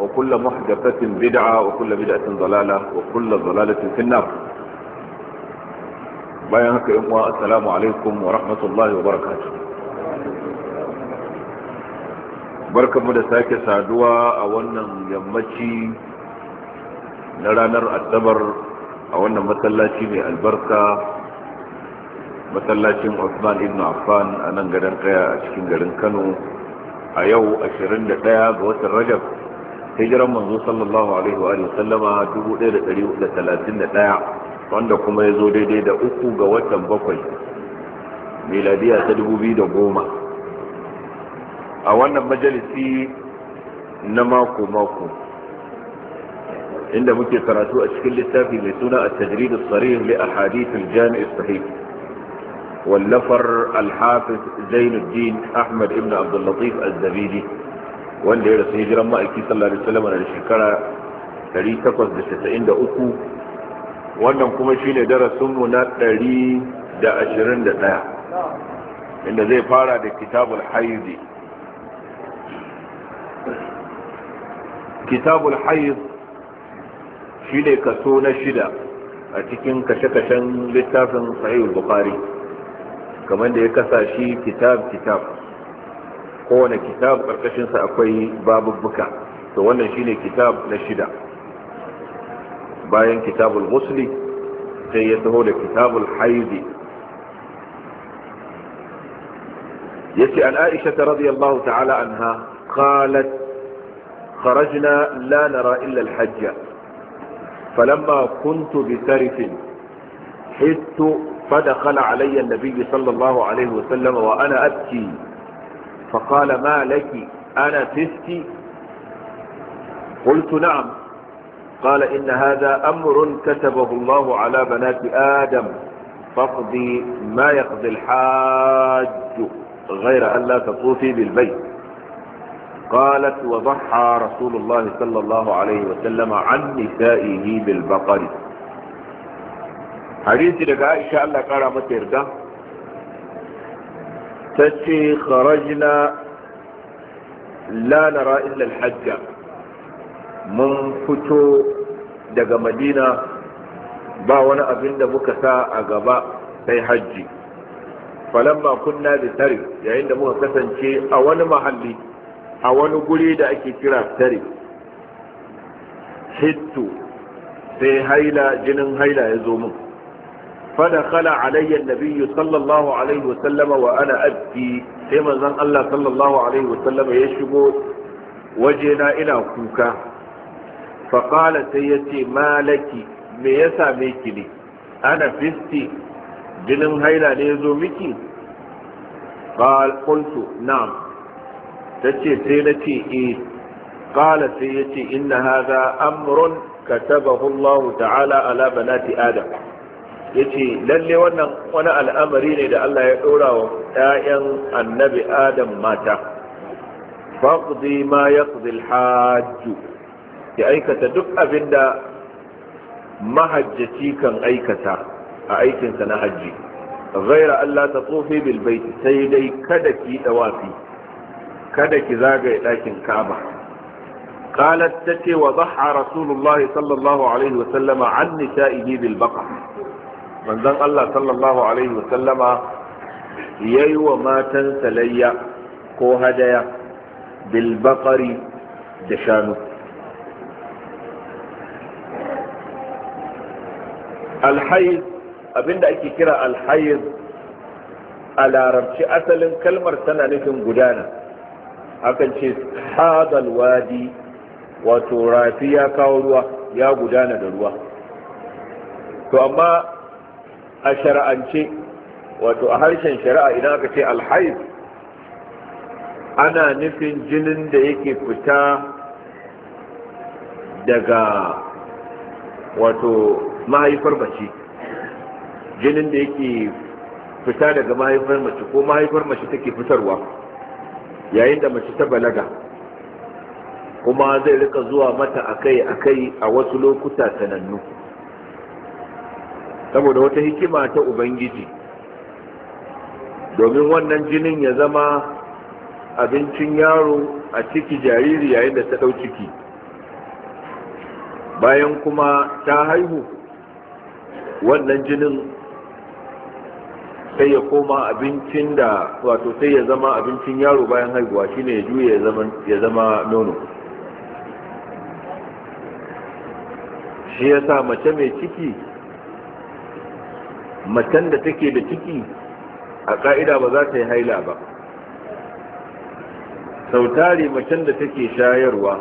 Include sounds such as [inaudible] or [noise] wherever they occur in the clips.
وكل محدثة بدعة وكل بدعة ضلالة وكل ضلالة في النار بيانك إموة السلام عليكم ورحمة الله وبركاته بركة مدساك سادوا أولا يمتي نرانر السبر أولا مسلاتي من البركة masallacin Usman ibn Affan a nan garin Kaya a cikin garin Kano a yau 21 ga watan Rajab hijiran manzo sallallahu alaihi wa sallama 1431 wanda kuma ya zo daidai da uku ga watan bakwai miladiya ta 2010 a wannan majalisi na mako-mako inda muke karatu a cikin littafi mai suna a tajridus sarih li ahadithul jami' sahih wallafar al-hafiz Zainuddin Ahmad ibn Abdul Latif Az-Zabidi wanda ya rasu hijiran ma'aiki sallallahu alaihi wasallam da shekara 893 wannan kuma shine darasinmu na 121 inda zai fara da kitabul haizi kitabul haiz shine kaso na shida a cikin kashe-kashen littafin sahihul bukhari kamar da ya kasa shi kitab kitab kowane kitab karkashinsa akwai babubbuka to wannan shine kitab na shida bayan kitabul musli sai ya taho da kitabul haidi yace an aisha ta radiyallahu ta'ala anha qalat kharajna la nara illa al-hajj falamma kuntu bi sarif alayya an-nabiy sallallahu alayhi wa sallam wa ana abki فقال ما لك أنا تسكي قلت نعم قال إن هذا أمر كتبه الله على بنات آدم فاقضي ما يقضي الحاج غير أن لا تطوفي بالبيت قالت وضحى رسول الله صلى الله عليه وسلم عن نسائه بالبقر حديث لك عائشة الله قال متى تتي خرجنا na نرى إلا hajja mun fito daga madina ba wani abin da muka sa a gaba sai hajji falamma kunna da tare yayin da muka kasance a wani mahalli a wani guri da ake kira tare hittu sai haila jinin haila ya zo mun فدخل علي النبي صلى الله عليه وسلم وأنا أبكي كما زن الله صلى الله عليه وسلم يشبو وجينا إلى كوكا فقال سيتي ما لك ميسا ميكني أنا فستي جنم هيلا نيزو ميكي قال قلت نعم تتي سينتي إيه قال سيتي إن هذا أمر كتبه الله تعالى على بنات آدم yace lalle wannan wani al'amari ne da Allah ya ɗora wa ‘ya'yan annabi Adam mata, faƙudi ma ya hajju, ya aikata duk abin da mahajjaci kan aikata a aikinsa na hajji, zaira Allah ta tsofe bilbaiti sai dai kada ki ɗawafi, kada ki zagaye ɗakin Ka'aba. قالت تتي وضحى رسول الله صلى الله عليه وسلم عن نسائه بالبقر manzon Allah sallallahu alaihi wa yayi wa matan salayya ko hadaya bil da shanu abinda ake kira alhayd a larabci asalin kalmar tana nufin gudana akan ce wadi wato rafi ya kawo ruwa ya gudana da ruwa to amma a shara'ance wato a harshen shari'a idan aka ce alhaif ana nufin jinin da yake fita daga wato mahaifar mace jinin da yake fita daga mahaifar mace ko mahaifar mace take fitarwa yayin da mace ta balaga kuma zai rika zuwa mata akai-akai a wasu lokuta sanannu saboda wata hikima ta ubangiji domin wannan jinin ya zama abincin yaro a ciki jariri yayin da ta ɗau ciki bayan kuma ta haihu wannan jinin sai ya koma abincin da wato sai ya zama abincin yaro bayan haihuwa shine ya juya ya zama nono shi ya sa mace mai ciki Matan da take da ciki a ka'ida ba za ta yi haila ba sautari matan da take shayarwa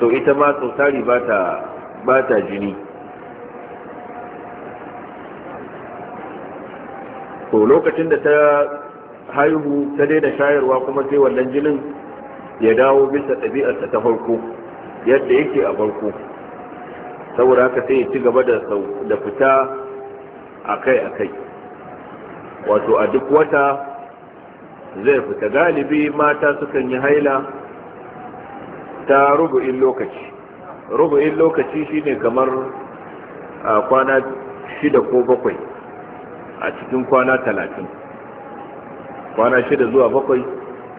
to ita ma sautari ba ta jini Ko lokacin da ta haihu ta daina shayarwa kuma sai wannan jinin ya dawo bisa ɗabi'arsa ta farko yadda yake a farko saboda haka sai ya ci gaba da fita akai-akai wato a duk wata zai fita galibi mata sukan yi haila ta rubu'in lokaci rubu'in lokaci shine kamar a kwana shida ko bakwai a cikin kwana talatin kwana shida zuwa bakwai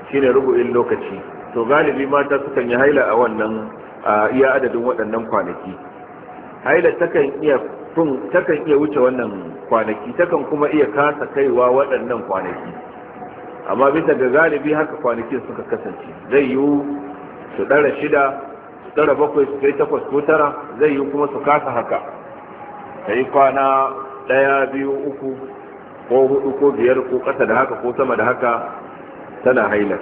shine rubu'in lokaci to galibi mata sukan yi haila a wannan a iya adadin waɗannan kwanaki haila takan iya wuce wannan kwanaki takan kuma iya kasa kaiwa waɗannan kwanaki amma bisa ga galibi haka kwanaki suka kasance zai yiwu su ɗara shida su ɗara bakwai su kai takwas ko tara zai yiwu kuma su kasa haka ta yi kwana ɗaya biyu uku ko hudu ko biyar ko ƙasa da haka ko sama da haka tana haila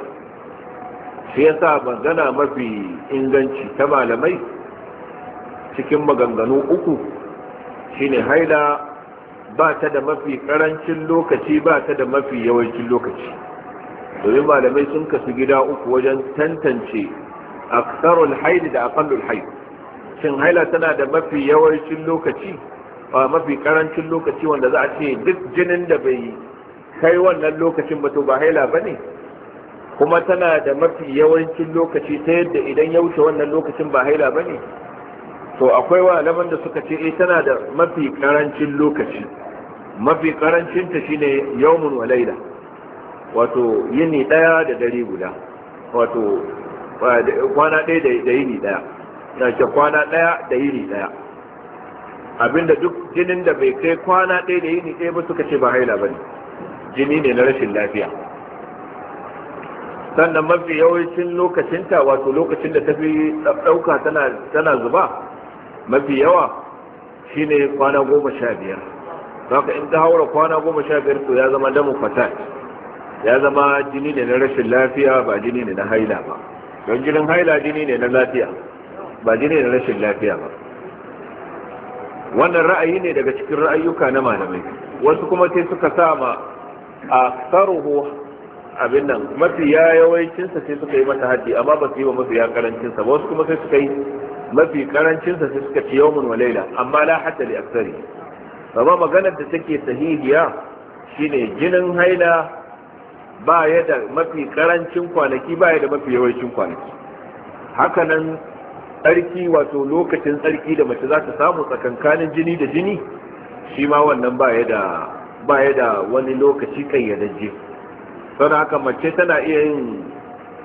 shi ya yasa magana mafi inganci ta malamai cikin maganganu uku shine haila ba ta da mafi karancin lokaci ba ta da mafi yawancin lokaci domin malamai sun kasu gida uku wajen tantance aksarul haid da aqallul haid shin haila tana da mafi yawancin lokaci ba mafi karancin lokaci wanda za a ce duk jinin da bai yi kai wannan lokacin ba to ba haila ba ne? kuma tana da mafi yawancin lokaci ta yadda idan ya wuce wannan lokacin ba haila ba ne? to akwai wa da suka ce eh tana da mafi karancin lokaci mafi karancinta shine yawmun wa laila wato yini daya da dare guda wato kwana daya da yini daya na ce kwana daya da yini daya abinda duk jinin da bai kai kwana daya da yini daya ba suka ce ba haila bane jini ne na rashin lafiya sannan mafi yawancin lokacinta wato lokacin da tafi ɗauka tana zuba mafi yawa shine kwana goma sha biyar haka in ka haura kwana goma sha biyar to ya zama damu fatat ya zama jini ne na rashin lafiya ba jini ne na haila ba don jinin haila jini ne na lafiya ba jini ne na rashin lafiya ba wannan ra'ayi ne daga cikin ra'ayyuka na malamai wasu kuma sai suka sa ma a karuhu abin nan mafi ya yawancinsa sai suka yi mata haji amma ba su yi wa mafi ya karancinsa ba wasu kuma sai suka yi mafi karancinsa sai suka ci yawon walaila amma la hatta li aksari amma maganar da take sahihiya shine jinin haila ba ya da mafi karancin kwanaki ba ya da mafi yawancin kwanaki hakanan tsarki wato lokacin tsarki da mace za ta samu tsakankanin jini da jini shi ma wannan ba ya da wani lokaci kayyadajje sau da haka mace tana iya yin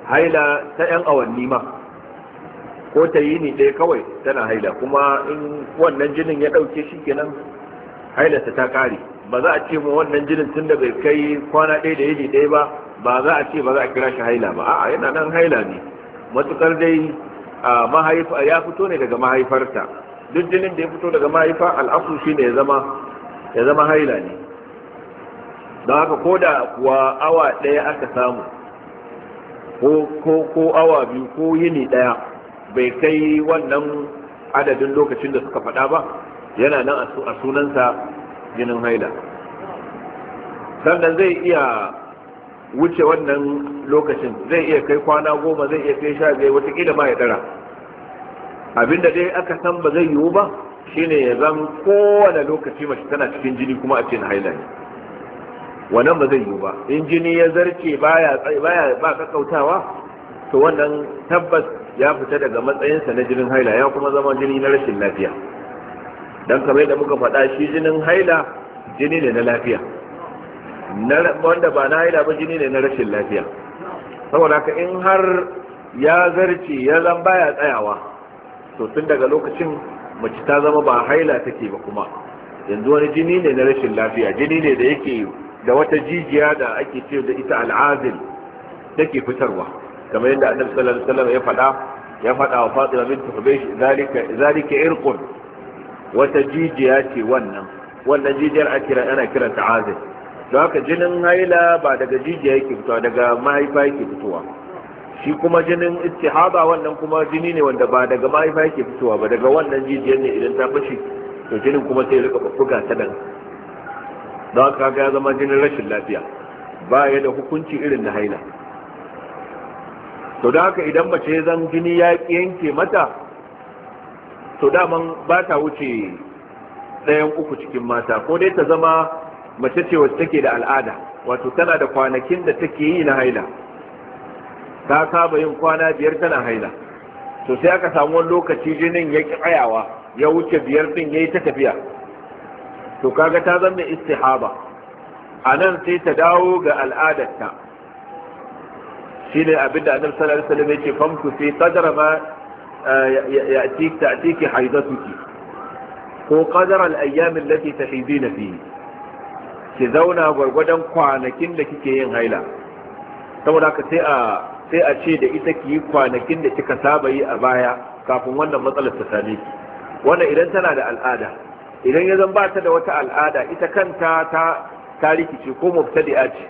haila ta 'yan awanni ma ko ta yi ni ɗaya kawai tana haila kuma in wannan jinin ya ɗauke shi kenan hailata ta kare ba za a ce mu wannan jinin tun da bai kai kwana ɗaya da yini ɗaya ba ba za a ce ba za a kira shi haila ba a'a yana nan haila ne matukar dai mahaifa ya fito ne daga mahaifarta duk jinin da ya fito daga mahaifa al'afu shi ne ya zama haila ne don haka ko da kuwa awa ɗaya aka samu ko awa biyu ko yini ɗaya bai kai wannan adadin lokacin da suka faɗa ba yana nan a sunansa jinin haila sannan zai iya wuce wannan lokacin zai iya kai kwana goma zai iya kai sha biyar watakila ma ya dara abinda dai aka san ba zai yiwu ba shine ya zan kowane lokaci mace tana cikin jini kuma a cikin haila ne wannan ba zai yiwu ba in jini ya zarce baya ba kakkautawa to wannan tabbas ya fita daga matsayinsa na jinin haila ya kuma zama jini na rashin lafiya dan kamar da muka faɗa shi jinin haila jini ne na lafiya wanda ba na haila ba jini ne na rashin lafiya saboda haka in har ya zarce ya zan baya tsayawa to tun daga lokacin mace ta zama ba haila take ba kuma yanzu wani jini ne na rashin lafiya jini ne da yake da wata jijiya da ake ce da ita al'azil take fitarwa kamar yadda annabi sallallahu alaihi wasallam ya faɗa ya faɗa wa Fatima bint Hubaysh zalika zalika irqun wata jijiya ce wannan wannan jijiyar a kira ana kiranta azil don haka jinin haila ba daga jijiya yake fitowa daga mahaifa yake fitowa shi kuma jinin istihaba wannan kuma jini ne wanda ba daga mahaifa yake fitowa ba daga wannan jijiyar ne idan ta fashi to jinin kuma sai rika buga ta dan. don haka ga zama jinin rashin lafiya ba ya da hukunci irin na haila to da haka idan mace zan jini ya yanke mata to dama ba ta wuce ɗayan uku cikin mata ko dai ta zama mace ce wacce take da al'ada wato tana da kwanakin da take yi na haila ta saba yin kwana biyar tana haila to sai aka samu wani lokaci jinin ya ki tsayawa ya wuce biyar din yayi ta tafiya to kaga ta zama istihaba a nan sai ta dawo ga al'adarta shine abinda annabi sallallahu alaihi wasallam yake famku sai qadara يأتيك تأتيك حيضتك ko qadaral ayyam allati tahidina fihi ki zauna gwargwadon kwanakin da kike yin haila saboda sai a ce da ita ki yi kwanakin da kika saba yi a baya kafin wannan matsalar ta same ki wannan idan tana da al'ada idan ya zan ba ta da wata al'ada ita kanta ta tarihi ce ko mubtadi'a ce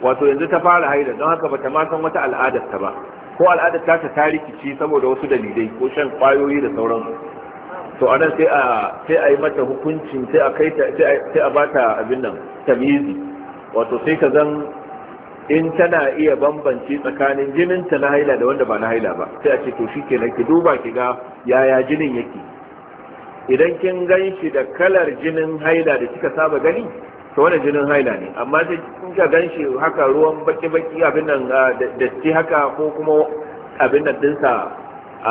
wato yanzu ta fara haila don haka bata ma san wata al'adar ta ba ko al'adar ta ta rikici saboda wasu dalilai ko shan kwayoyi da sauran to a sai a sai a yi mata hukunci sai a kai sai a bata abin nan tamizi wato sai ka zan in tana iya bambanci tsakanin jinin ta na haila da wanda ba na haila ba sai a ce to shi kenan ki duba ki ga yaya jinin yake idan kin gan shi da kalar jinin haila da kika saba gani to wannan jinin haila ne amma sai kun ka ganshi haka ruwan baki baki abin nan ah, datti haka ko kuma abin nan dinsa a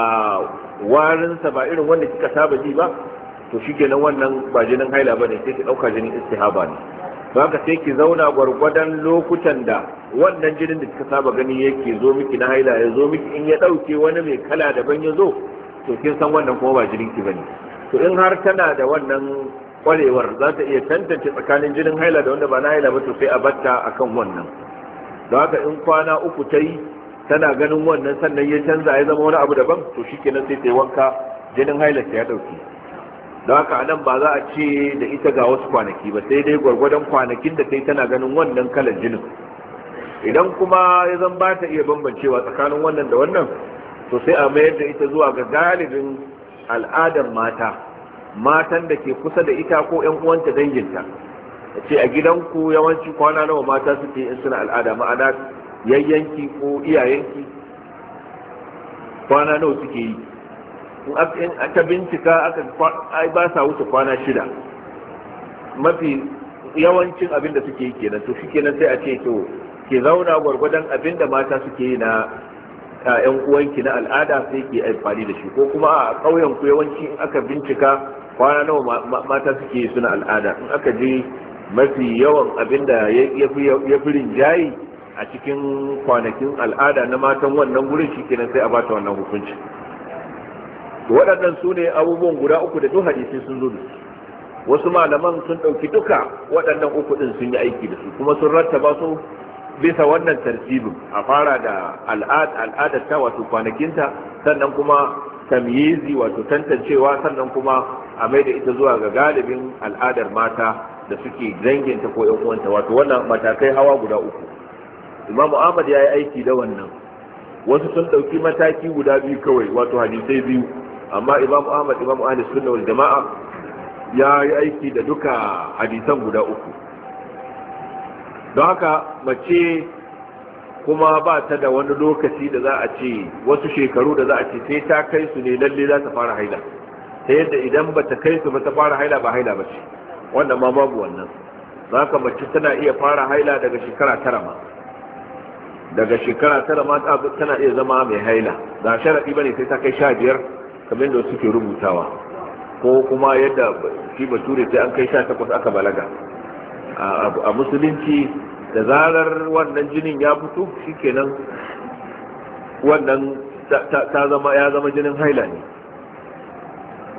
ah, warinsa ba irin wanda kika saba ji ba to kenan wannan ba jinin haila ba ne sai ki dauka jinin istihaba ne ba ka sai ki zauna gwargwadon lokutan da wannan jinin da kika saba gani yake zo miki na haila ya zo miki in ya ɗauke wani mai kala daban ya zo to kin san wannan kuma ba jinin ki bane to in har tana da wannan kwarewar za ta iya tantance tsakanin jinin haila da wanda ba na haila ba to sai a batta akan wannan don haka in kwana uku ta yi tana ganin wannan sannan ya canza ya zama wani abu daban to kenan sai ta yi wanka jinin haila ta ya dauki don haka a nan ba za a ce da ita ga wasu kwanaki ba sai dai gwargwadon kwanakin da ta yi tana ganin wannan kalan jinin idan kuma ya zan ba ta iya bambancewa tsakanin wannan da wannan to sai a mayar da ita zuwa ga galibin al'adar mata matan da ke kusa da ita ko yan uwanta danginta ya ce a gidanku yawanci kwana nawa mata suke in suna al'ada ma'ana yayyanki ko iyayenki kwana nawa suke yi in aka bincika aka ba sa wuce kwana shida mafi yawancin abin da suke yi kenan to shi nan sai a ce to ke zauna gwargwadon abin da mata suke yi na yan uwanki na al'ada sai ke amfani da shi ko kuma a ƙauyen ku yawanci aka bincika kwana nawa mata suke suna al'ada in aka je mafi yawan abin da ya fi rinjayi a cikin kwanakin al'ada na matan wannan gurin shi kenan sai a bata wannan hukunci waɗannan su ne abubuwan guda uku da duk hadisi sun zo wasu malaman sun ɗauki duka waɗannan uku ɗin sun yi aiki da su kuma sun rattaba su bisa wannan tartibin a fara da al'adarta wato kwanakinta sannan kuma tamyizi wato tantancewa sannan kuma a mai da ita zuwa ga galibin al'adar mata da suke danginta ko yan uwanta wato wannan matakai hawa guda uku imamu ahmad ya yi aiki da wannan wasu sun ɗauki mataki guda biyu kawai wato hadisai biyu amma imamu ahmad imamu ahli sunna wal jama'a ya yi aiki da duka hadisan guda uku don haka mace kuma ba ta da wani lokaci da za a ce wasu shekaru da za a ce sai ta kai su ne lalle za ta fara haila ta yadda idan ba ta kai su ba ta fara haila ba haila ba ce wannan ma babu wannan za ka mace tana iya fara haila daga shekara tara ma daga shekara tara ma tana iya zama mai haila ga sharaɗi ba ne sai ta kai sha biyar kamar da suke rubutawa ko kuma yadda shi bature sai an kai sha takwas aka balaga a musulunci da zarar wannan jinin ya fito shikenan wannan ta zama ya zama jinin haila ne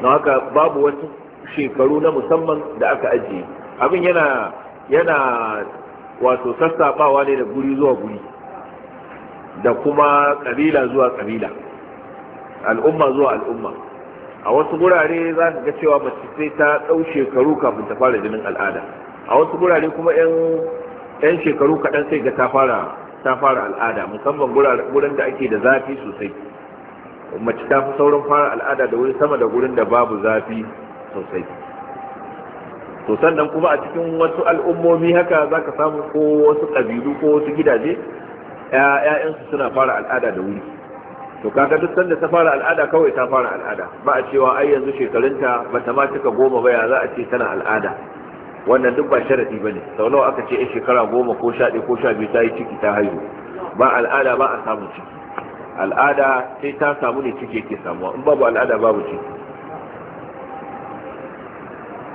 na haka babu wasu shekaru na musamman da aka ajiye abin yana yana wato sassafawa ne da guri zuwa guri da kuma kabila zuwa kabila al'umma zuwa al'umma a wasu gurare za ka ga cewa mace sai ta ɗau shekaru kafin ta fara jinin al'ada a wasu gurare kuma 'yan shekaru kaɗan sai ga ta fara al'ada musamman gurin da ake da zafi sosai mace ta fi saurin fara al'ada da wuri sama da gurin da babu zafi sosai to sannan kuma a cikin wasu al'ummomi haka za ka samu ko wasu ƙabilu ko wasu gidaje ‘ya'yansu suna fara al'ada da wuri to kaga duk sanda ta fara al'ada kawai ta fara al'ada ba a cewa ai yanzu shekarunta ba ta ma cika goma ba ya za a ce tana al'ada wannan duk ba sharaɗi ba ne sau nawa aka ce shekara goma ko sha ko sha biyu ta yi ciki ta haihu ba al'ada ba a samun ciki al'ada sai ta samu ne cike ke samuwa in babu al'ada babu ciki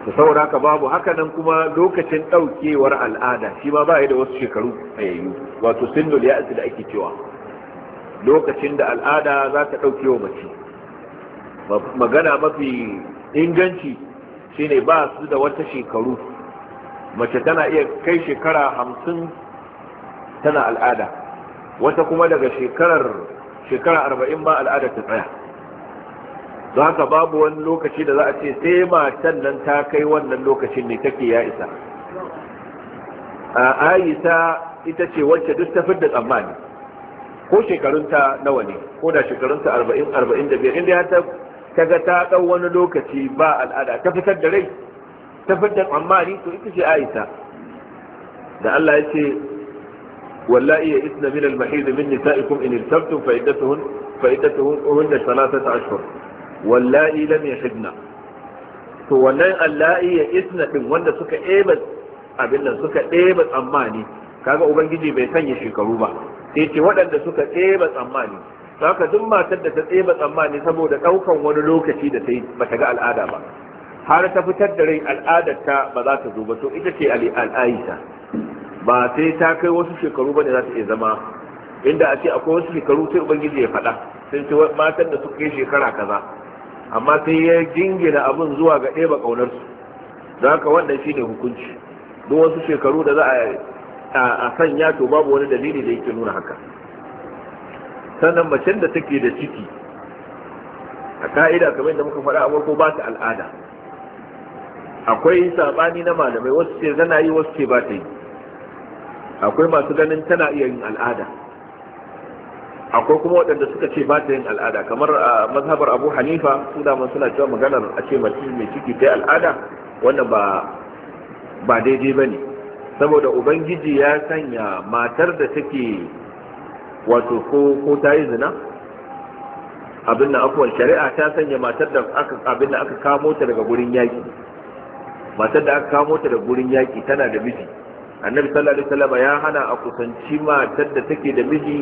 ta saura ka babu hakanan kuma lokacin ɗaukewar al'ada shi ma ba da wasu shekaru a yayu wato sindul ya da ake cewa lokacin da al'ada za ta ɗauke wa mace magana mafi inganci shine ba su da wata shekaru mace tana iya kai shekara hamsin tana al'ada wata kuma daga shekarar shekara arba'in ba al'ada ta tsaya don haka babu wani lokaci da za a ce sai matan nan ta kai wannan lokacin ne take ya isa a ayisa ita ce wacce duk ta fidda tsammani ko shekarunta nawa ne ko da shekarunta arba'in arba'in da biyar inda ta kaga ta ɗau wani lokaci ba al'ada ta fitar da rai ta fidda tsammani to ita ce ayisa da Allah ya ce واللائي يئسن من المحيض من نسائكم إن ارتبتم فعدتهن فعدتهن ثلاثة أشهر واللائي لم يحضن to wannan allahi ya isna din wanda suka ɗebat abin nan suka ɗeba tsammani kaga ubangiji bai sanya shekaru ba sai ce waɗanda suka ɗeba tsammani haka duk matar da ta ɗeba tsammani saboda ɗaukan wani lokaci da ta yi ba ta ga al'ada ba har ta fitar da rai al'adar ta ba za ta zo ba to ita ce al'aisha ba sai ta kai wasu shekaru bane za ta iya zama inda a ce akwai wasu shekaru sai ubangiji ya faɗa sai ce matan da suka yi shekara kaza amma sai ya jingina abin zuwa ga ɗeba ƙaunarsu Za haka wannan shine hukunci duk wasu shekaru da za a sanya to babu wani dalili da yake nuna haka sannan macen da take da ciki a ka'ida kamar da muka faɗa a farko ba ta al'ada akwai sabani na malamai wasu ce zana yi wasu ce ba ta yi akwai masu ganin tana iya yin al'ada akwai kuma waɗanda suka ce ba ta yin al'ada kamar a mazhabar abu hanifa su daman suna cewa maganar a ce mace mai ciki ta al'ada wanda ba ba daidai ba ne saboda ubangiji ya sanya matar da take wato ko ta yi zina abin da akwai shari'a ta sanya matar da aka abin da aka kamo ta daga gurin yaki matar da aka kamo ta daga gurin yaki tana da miji annabi sallallahu alaihi wasallam ya hana a kusanci matar da take da miji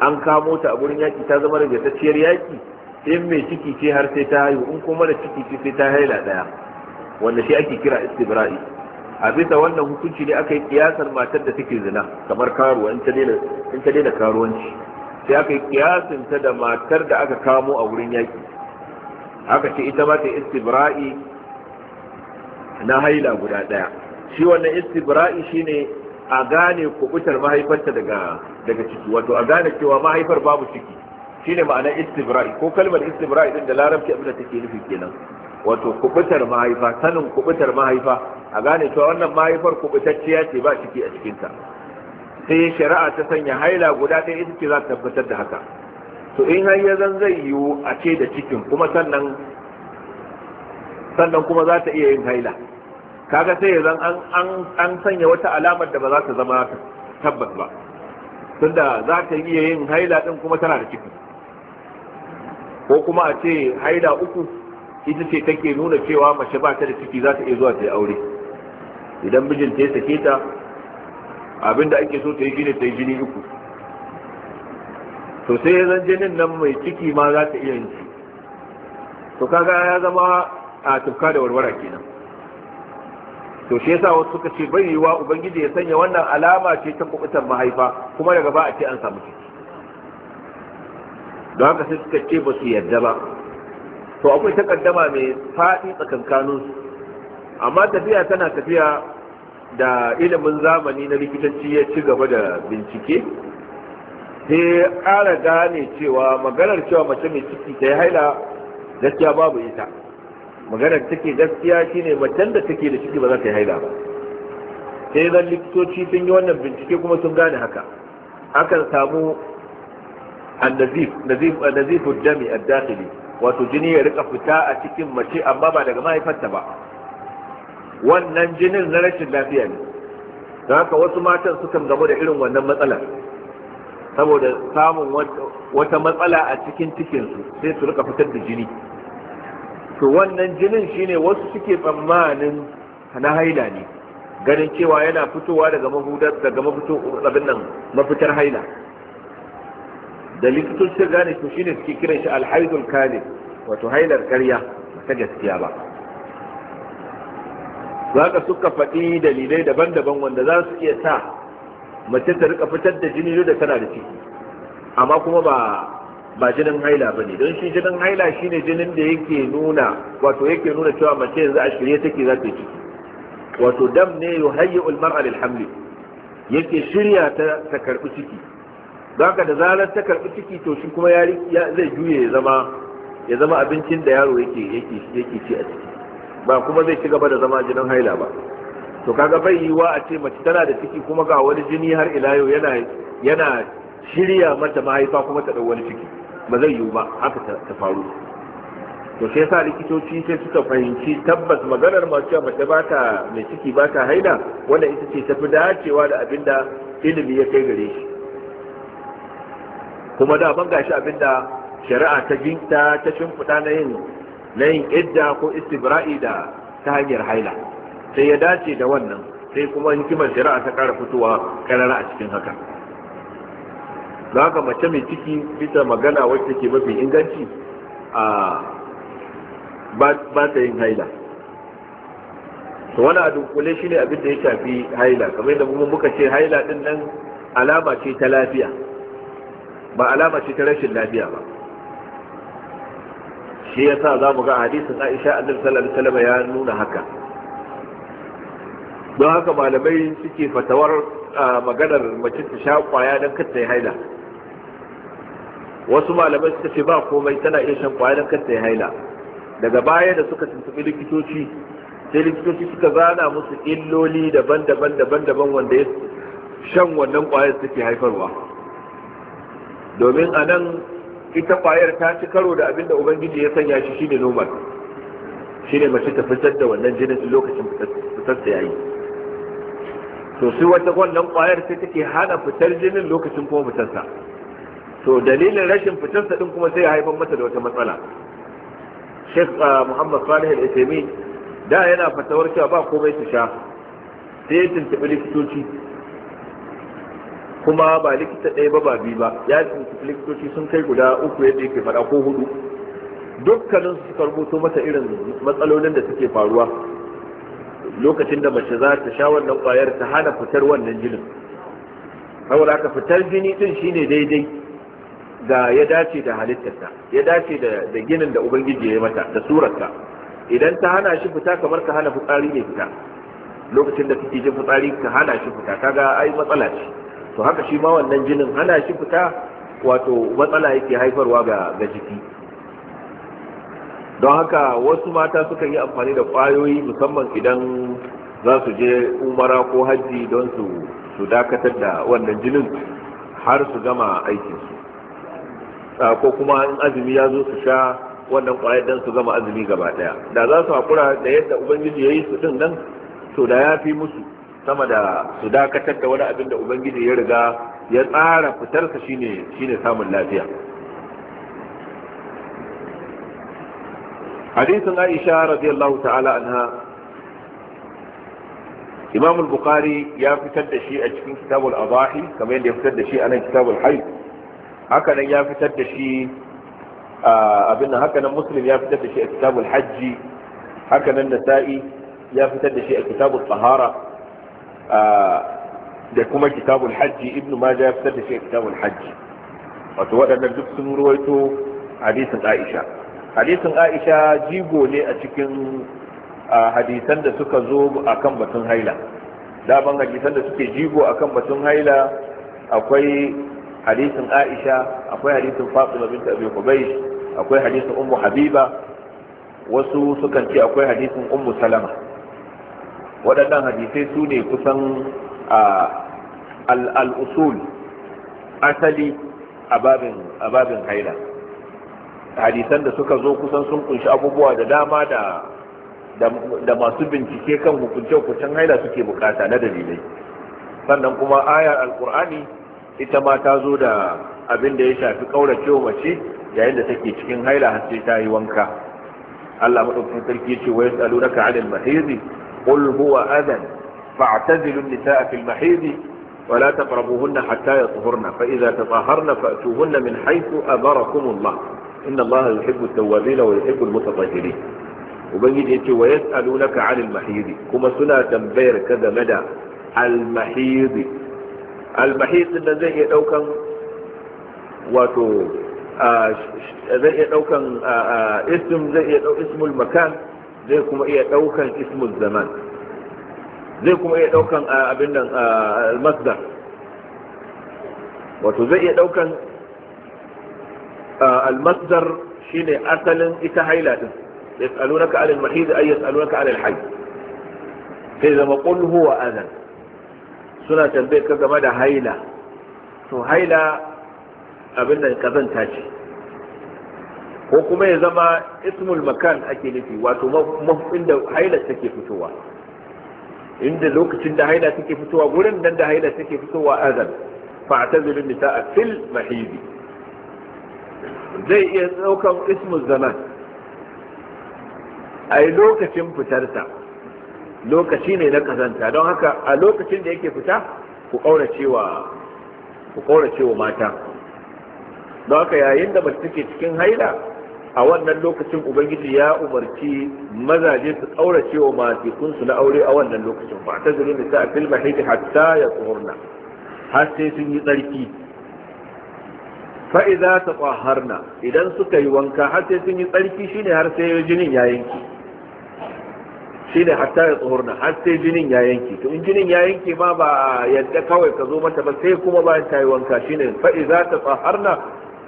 an kamo ta a gurin yaki ta zama ciyar yaki in mai ciki ce har sai ta haihu in kuma da ciki ce sai ta haila daya wanda shi ake kira istibra'i a bisa wannan hukunci ne aka yi kiyasar matar da take zina kamar karuwa in ta daina karuwanci sai aka yi kiyasin ta da matar da aka kamo a wurin yaki aka ce ita ma ta istibra'i na haila guda daya shi wannan istibra'i shine a gane kubutar mahaifarta daga daga ciki wato a gane cewa mahaifar babu ciki shine ma'anar istibra'i ko kalmar istibra'i din da larabci abin da take nufi kenan wato kubutar mahaifa sanin kubutar mahaifa a gane cewa wannan mahaifar kubutacciya ce ba ciki a cikinta sai shari'a ta sanya haila guda ɗaya ita ce za ta tabbatar da haka to in har ya zan zai yiwu a ce da cikin kuma sannan sannan kuma za ta iya yin haila kaga sai yanzu an an an sanya wata alamar da ba za ta zama tabbas ba tunda za ta iya yin haila din kuma tana da ciki ko kuma a ce haila uku ita ce take nuna cewa mace ba ta da ciki za ta iya zuwa ta yi aure idan mijinta ya sake ta abinda ake so ta yi shine ta yi jini uku to sai ya zan jinin nan mai ciki ma za ta iya yin shi to kaga ya zama a tufka da warwara kenan to shi yasa wasu suka ce bai yiwa ubangiji ya sanya wannan alama ce ta kubutar mahaifa kuma daga ba a ce an samu ciki don haka sai suka ce ba su yarda ba to akwai takaddama mai faɗi tsakankanin su amma tafiya tana tafiya da ilimin zamani na likitanci ya ci gaba da bincike sai ƙara gane cewa maganar cewa mace mai ciki ta yi haila gaskiya babu ita maganar take gaskiya shine macen da take da ciki ba za ta yi haila sai zan likitoci sun yi wannan bincike kuma sun gane haka akan samu nazifu dami a dakili wato jini ya rika fita a cikin mace amma ba daga mahaifarta ba wannan jinin na rashin lafiya ne don haka wasu matan sukan gamu da irin wannan matsalar saboda samun wata matsala a cikin cikinsu sai su rika fitar da jini to wannan jinin shine wasu suke tsammanin na haila ne ganin cewa yana fitowa daga mahudar daga mafito abin nan mafitar haila da likitun sai gane to shine suke kiran shi alhaidul kale wato hailar karya ta gaskiya ba za suka faɗi dalilai daban-daban wanda za su iya sa mace ta rika fitar da jini da tana da ciki amma kuma ba ba jinin haila ba ne don shi jinin haila shine jinin da yake nuna wato yake nuna cewa mace yanzu a shirye take za ta yi ciki wato dam ne ya almar'a ulmar hamli yake shirya ta ta karbi ciki zaka da zarar ta karbi ciki to shi kuma ya zai juye ya zama ya zama abincin da yaro yake yake ci a ciki ba kuma zai ci gaba da zama jinin haila ba to kaga bai yi wa a ce mace tana da ciki kuma ga wani jini har ila yau yana yana shirya mata mahaifa kuma ta ɗau wani ciki ba zai yiwu ba haka ta faru to sai sa likitoci sai suka fahimci tabbas maganar masu cewa mace ba ta mai ciki ba ta haida wanda ita ce tafi dacewa da abinda ilimi ya kai gare shi kuma da ban gashi abinda shari'a ta jinta ta shimfiɗa na yin na yin idda ko istibra'i da ta hanyar haila sai ya dace da wannan sai kuma hikimar shari'a ta ƙara fitowa karara a cikin haka Za ka mace mai ciki bisa magana wacce ke mafi inganci a ba ta yin haila to wani a dunkule shi ne abin da ya shafi haila kamar da kuma muka ce haila din nan alama ce ta lafiya ba alama ce ta rashin lafiya ba shi ya sa za mu ga hadisin aisha annabi sallallahu alaihi ya nuna haka don haka malamai suke fatawar maganar mace ta sha kwaya don kar ya yi haila wasu malamai suka ce ba komai tana iya shan kwayar kanta ya haila daga baya da suka tuntubi likitoci sai likitoci suka zana musu illoli daban-daban daban-daban wanda ya shan wannan kwayar suke haifarwa domin a nan ita kwayar ta ci karo da abinda ubangiji ya sanya shi shine normal shine mace ta fitar da wannan jinin lokacin fitar da yayi to sai wata wannan kwayar sai take hana fitar jinin lokacin kuma fitar to dalilin rashin fitarsa din kuma sai ya haifar mata da wata matsala Sheikh ah, Muhammad Salih Al-Uthaymeen da yana fatawar cewa ba komai su sha sai ya tuntuɓi likitoci kuma ba likita ɗaya ba ba biyu ba ya tuntuɓi likitoci sun kai guda uku yadda yake faɗa ko hudu dukkanin su suka rubuto mata irin matsalolin da suke faruwa lokacin da mace za ta sha wannan ƙwayar ta hana fitar wannan jinin saboda haka fitar jini din shine daidai da ya dace da halittarta ya dace da ginin da ubangiji ya yi mata da surarta idan ta hana shi fita kamar ka hana fitsari ne fita lokacin da kake jin fitsari ka hana shi fita kaga ai matsala ce to haka shi ma wannan jinin hana shi fita wato matsala yake haifarwa ga ga jiki don haka wasu mata sukan yi amfani da kwayoyi musamman idan za su je umara ko hajji don su su dakatar da wannan jinin har su gama aikinsu ko kuma in azumi ya zo su sha wannan kwayar dan su gama azumi gaba daya da za su hakura da yadda ubangiji ya yi su din nan to da ya fi musu sama da su dakatar da wani abin da ubangiji ya riga ya tsara fitarsa shine shine samun lafiya hadisin aisha radiyallahu ta'ala anha imam al-bukhari ya fitar da shi a cikin kitabul adahi kamar yadda ya fitar da shi a nan kitabul Hayy haka nan ya fitar da shi abin nan haka nan muslim ya fitar da shi a kitabul hajji haka nan nasa'i ya fitar da shi a kitabul tahara da kuma kitabul hajji ibnu maja ya fitar da shi a kitabul hajji wato waɗannan duk sun ruwaito hadisin aisha hadisin aisha jigo ne a cikin hadisan da suka zo akan batun haila daban hadisan da suke jigo akan batun haila akwai hadisin aisha akwai hadisin fatima bint abi hubaysh akwai hadisin ummu habiba wasu sukan ce akwai hadisin ummu salama waɗannan hadisai su ne kusan al-usul asali a babin haila hadisan da suka zo kusan sun kunshi abubuwa da dama da masu bincike kan hukunce-hukuncen haila suke bukata na dalilai sannan kuma ayar alkur'ani ita ma ta zo da abin da ya shafi kauracewa mace yayin da take cikin haila har sai ta yi wanka Allah madaukakin sarki ce wa yas'alunaka 'anil mahidi qul huwa adhan fa'tazilu an-nisaa fil mahidi wa la taqrabuhunna hatta yatahurna fa idza tatahharna fa'tuhunna min haythu amarakum Allah inna Allah yuhibbu at-tawwabin wa yuhibbu al-mutatahhirin ubangiji yace wa yas'alunaka 'anil mahidi kuma suna tambayar ka game da al-mahidi al da zai iya daukan wato zai iya daukan ism zai iya dau ismul makan zai kuma iya daukan ismul zaman zai kuma iya daukan abin nan al wato zai iya daukan almasdar shine asalin ita haila din yas'alunaka 'anil mahid ay yas'alunaka 'anil hayy sai zama qul huwa adhan suna tambayar ka game da haila to haila abin da kazanta ce ko kuma ya zama ismul makan ake nufi wato mafin da haila take fitowa inda lokacin da haila take fitowa gurin nan da haila take fitowa azal fa'tazilu a fil mahidi zai iya daukan ismul zaman ai lokacin fitarta lokaci ne na kazanta don haka a lokacin da yake fita ku ƙaurace wa mata don haka yayin da mace take cikin haila a wannan lokacin ubangiji ya umarci mazaje su ƙaurace wa su na aure a wannan lokacin ba ta zuri ta a filma hidi hatta ya tsohorna har sai sun yi tsarki fa'iza ta ƙwaharna idan suka yi wanka har sai sun yi tsarki shine har sai jinin ya yanki shine hatta ya tsohurna har sai jinin ya yanke to in jinin ya yanke ma ba yadda kawai ka zo mata ba sai kuma bayan ta yi wanka shine fa idza tatahharna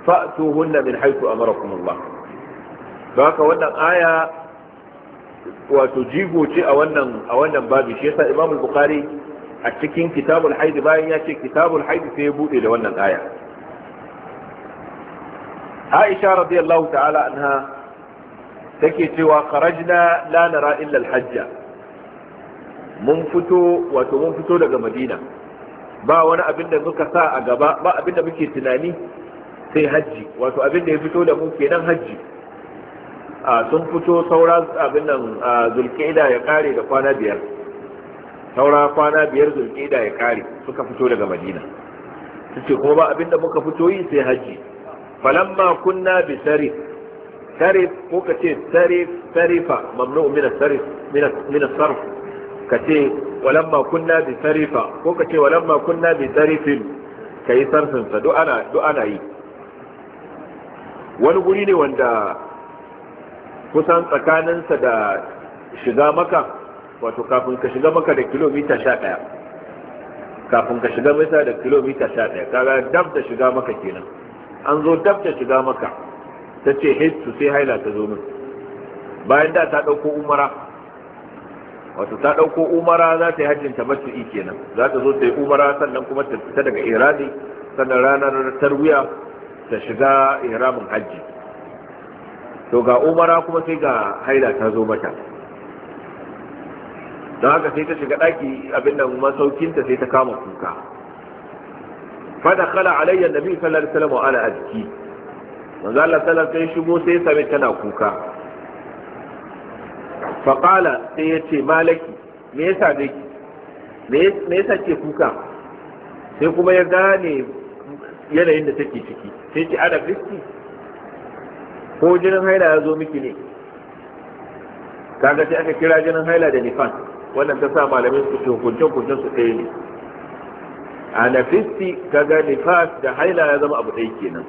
fa'tuhunna min haythu amarakum ba don wannan aya wato jigo ce a wannan a wannan babu shi yasa Imam Bukhari a cikin Kitabul Haid bayan ya ce Kitabul Haid sai ya bude da wannan aya Aisha radiyallahu ta'ala anha take cewa kharajna la nara illa al-hajja mun fito wato mun fito daga madina ba wani abin da muka sa a gaba ba abin da muke tunani sai hajji wato abin da ya fito da mu kenan hajji sun fito saura abin nan zulqa'ida ya kare da kwana biyar saura kwana biyar zulqa'ida ya kare suka fito daga madina tace kuma ba abin da muka fito yi sai hajji falamma kunna bisari sarif ko ka ce sarif sarifa mamnu min sarif min sarf ka ce walamma kunna bi sarifa ko ka ce walamma kunna bi sarifin kai sarfin sa duk ana duk ana yi wani guri ne wanda kusan tsakaninsa da shiga maka wato kafin ka shiga maka da kilomita sha ɗaya kafin ka shiga mita da kilomita sha kaga dab da shiga maka kenan an zo dab da shiga maka ta ce hittu sai haila ta zo min bayan da ta ɗauko umara wato ta ɗauko umara za ta yi hajjin tamattu'i kenan za ta zo ta yi umara sannan kuma ta fita daga irani sannan ranar tarwiya ta shiga ihramin hajji to ga umara kuma sai ga haila ta zo mata don haka sai ta shiga ɗaki abin da masaukinta sai ta kama kuka fada kala alayya nabi sallallahu alaihi wasallam wa ala azki manzo Allah sallallahu alaihi shigo sai sami tana kuka fa qala sai yace malaki me yasa dai me yasa ke kuka sai kuma ya gane yanayin da take ciki sai ce ana fiski ko jinin haila ya zo miki ne kaga sai aka kira jinin haila da nifan wannan ta sa malamin su ce hukuncin hukuncin su ɗaya ne a nafisti kaga nifas da haila ya zama abu ɗaya kenan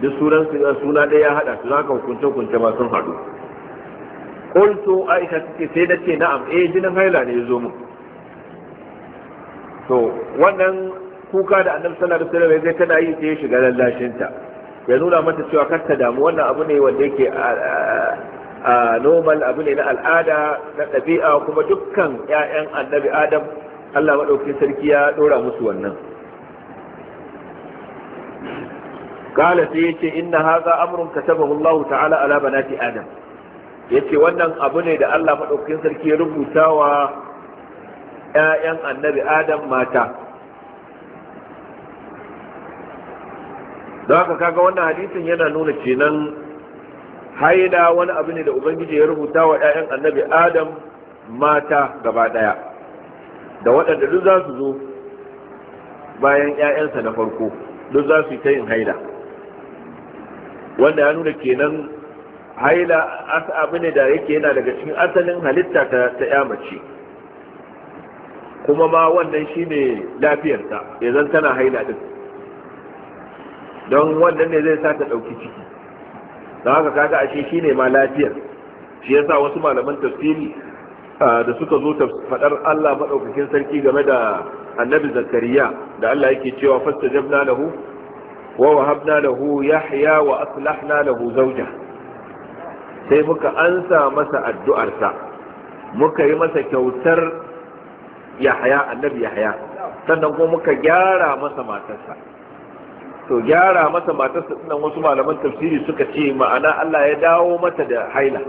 duk sunan suna ɗaya ya haɗa su zaka hukunce hukunce ba sun haɗu qultu aisha take sai nace na'am eh jinin haila ne zo mun to wannan kuka da annabi sallallahu alaihi wasallam ya tana yi sai ya shiga lallashin ta ya nuna mata cewa kar ta damu wannan abu ne wanda yake a normal abu ne na al'ada na ɗabi'a kuma dukkan 'ya'yan annabi adam Allah maɗaukin sarki ya ɗora musu wannan kala sai yace inna hadha amrun katabahu Allah ta'ala ala banati adam yace wannan abu ne da Allah madaukakin sarki ya rubuta wa ƴaƴan annabi adam mata don haka kaga wannan hadisin yana nuna kenan haida wani abu ne da ubangiji ya rubuta wa ƴaƴan annabi adam mata gaba daya da waɗanda duk za su zo bayan ƴaƴansa na farko duk za su yi ta yin haida wanda ya nuna kenan haila abu ne da yake yana daga cikin asalin halitta ta ya mace kuma ma wannan shi ne lafiyarta ya zan tana haila din don wannan ne zai sa ta ɗauki ciki don haka kaga ashe shi ne ma lafiyar shi yasa wasu malaman tafsiri da suka zo ta faɗar Allah maɗaukakin sarki game da annabi zakariya da Allah yake cewa fasta jabna lahu wa wahabna lahu yahya wa aslahna lahu zawja sai muka ansa masa addu'arsa muka yi masa kyautar yahya annabi yahya sannan kuma muka gyara masa matarsa to gyara masa matarsa sannan wasu malaman tafsiri suka ce ma'ana Allah ya dawo mata da haila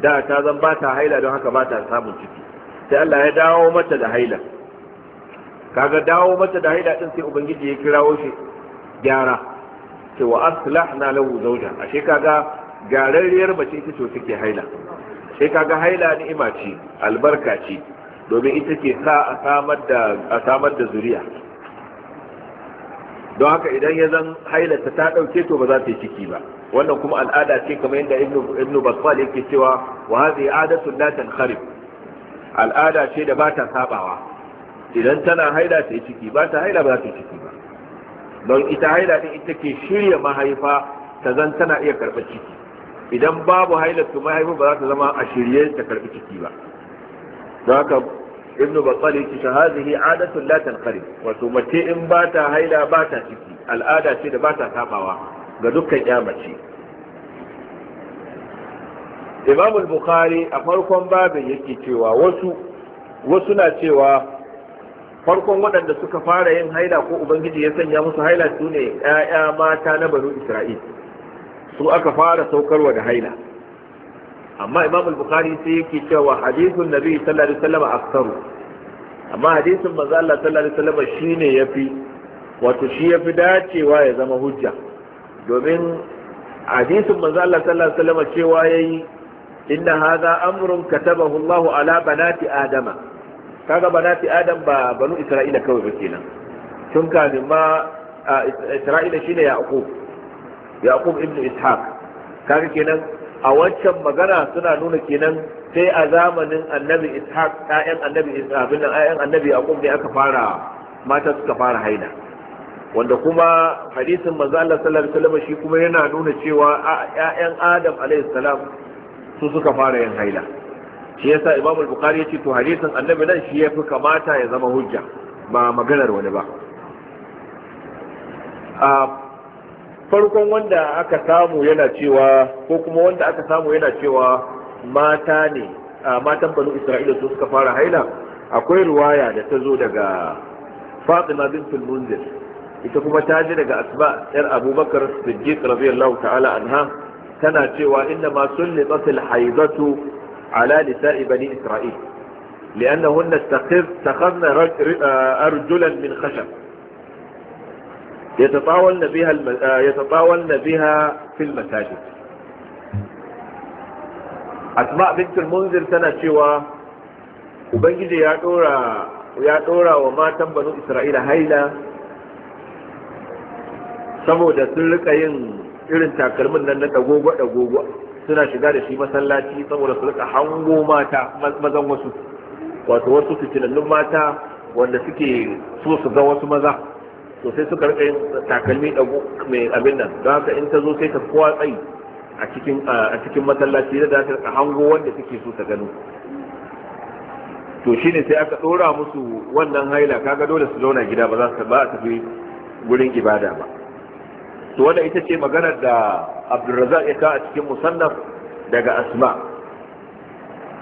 da ta zan ba ta haila don haka ba ta samun ciki sai Allah ya dawo mata da haila kaga dawo mata da haila din sai ubangiji ya kirawo shi gyara cewa na lahu zawja ashe kaga garariyar mace ita ce take haila sai kaga haila ni'ima ce albarka ce domin ita ke sa a samar da a samar da zuriya don haka idan ya zan haila ta dauke to ba za ta yi ciki ba wannan kuma al'ada ce kamar yadda ibnu ibnu yake cewa wa hadhihi adatu la tanharib al'ada ce da ba ta sabawa idan tana haila ta yi ciki ba ta haila ba za ta yi ciki don ita haila din ita ke shirya mahaifa ta zan tana iya karɓar ciki idan babu hailar su mahaifa ba za ta zama a shirye ta karɓi ciki ba don haka ibnu batsali ki ta hi adatun latin kare wato mace in ba ta haila ba ta ciki al'ada ce da ba ta sabawa ga dukkan ya mace imam bukhari a farkon babin yake cewa wasu na cewa farkon waɗanda suka fara yin haila ko ubangiji ya sanya musu haila su ne ‘ya'ya mata na banu isra'il su aka fara saukarwa da haila amma imam al-bukhari sai yake cewa hadithun nabi sallallahu alaihi wasallam aktaru amma hadisin manzo Allah sallallahu alaihi wasallam shine yafi wato shi yafi dacewa ya zama hujja domin hadisin manzo Allah sallallahu alaihi wasallam cewa yayi inna hadha amrun katabahu Allah ala banati adama kaga fi adam ba banu isra'ila kawai ba kenan tun ne ma isra'ila shine yaqub yaqub ibnu ishaq kaga kenan a wancan magana suna nuna kenan sai a zamanin annabi ishaq ayan annabi ishaq nan ayan annabi yaqub ne aka fara mata suka fara haida wanda kuma hadisin manzo Allah sallallahu alaihi wasallam shi kuma yana nuna cewa ƴaƴan Adam alaihi salam su suka fara yin haila shi yasa Imam al-Bukhari yace to hadisin Annabi nan shi yafi kamata ya zama hujja ba maganar wani ba a farkon wanda aka samu yana cewa ko kuma wanda aka samu yana cewa mata ne matan banu Isra'ila su suka fara haila akwai ruwaya da ta zo daga Fatima bintul Munzir ita kuma ta ji daga asba yar Abubakar Siddiq radiyallahu ta'ala anha tana cewa inna ma sulli haizatu على نساء بني إسرائيل لأنهن اتخذن آه، أرجلا من خشب يتطاولن بها, آه، يتطاولن بها في المساجد أسماء بنت المنذر سنة شوى وبنجي يا دورا وما تم بنو اسرائيل هيلا isra'ila haila saboda sun rika yin irin takalmin nan na dagogo-dagogo suna shiga da shi masallaci saboda su rika hango mata mazan wasu wato wasu fitilallun mata wanda suke so su ga wasu maza to sai suka rika yin takalmi dago mai abin nan don haka in ta zo sai ta kowa tsayi a cikin a cikin masallaci da za ta hango wanda suke so ta gano to shine sai aka dora musu wannan haila kaga dole su zauna gida ba za su ba a tafi gurin ibada ba to wanda ita ce maganar da abdulrazak ya kawo a cikin musannaf daga asma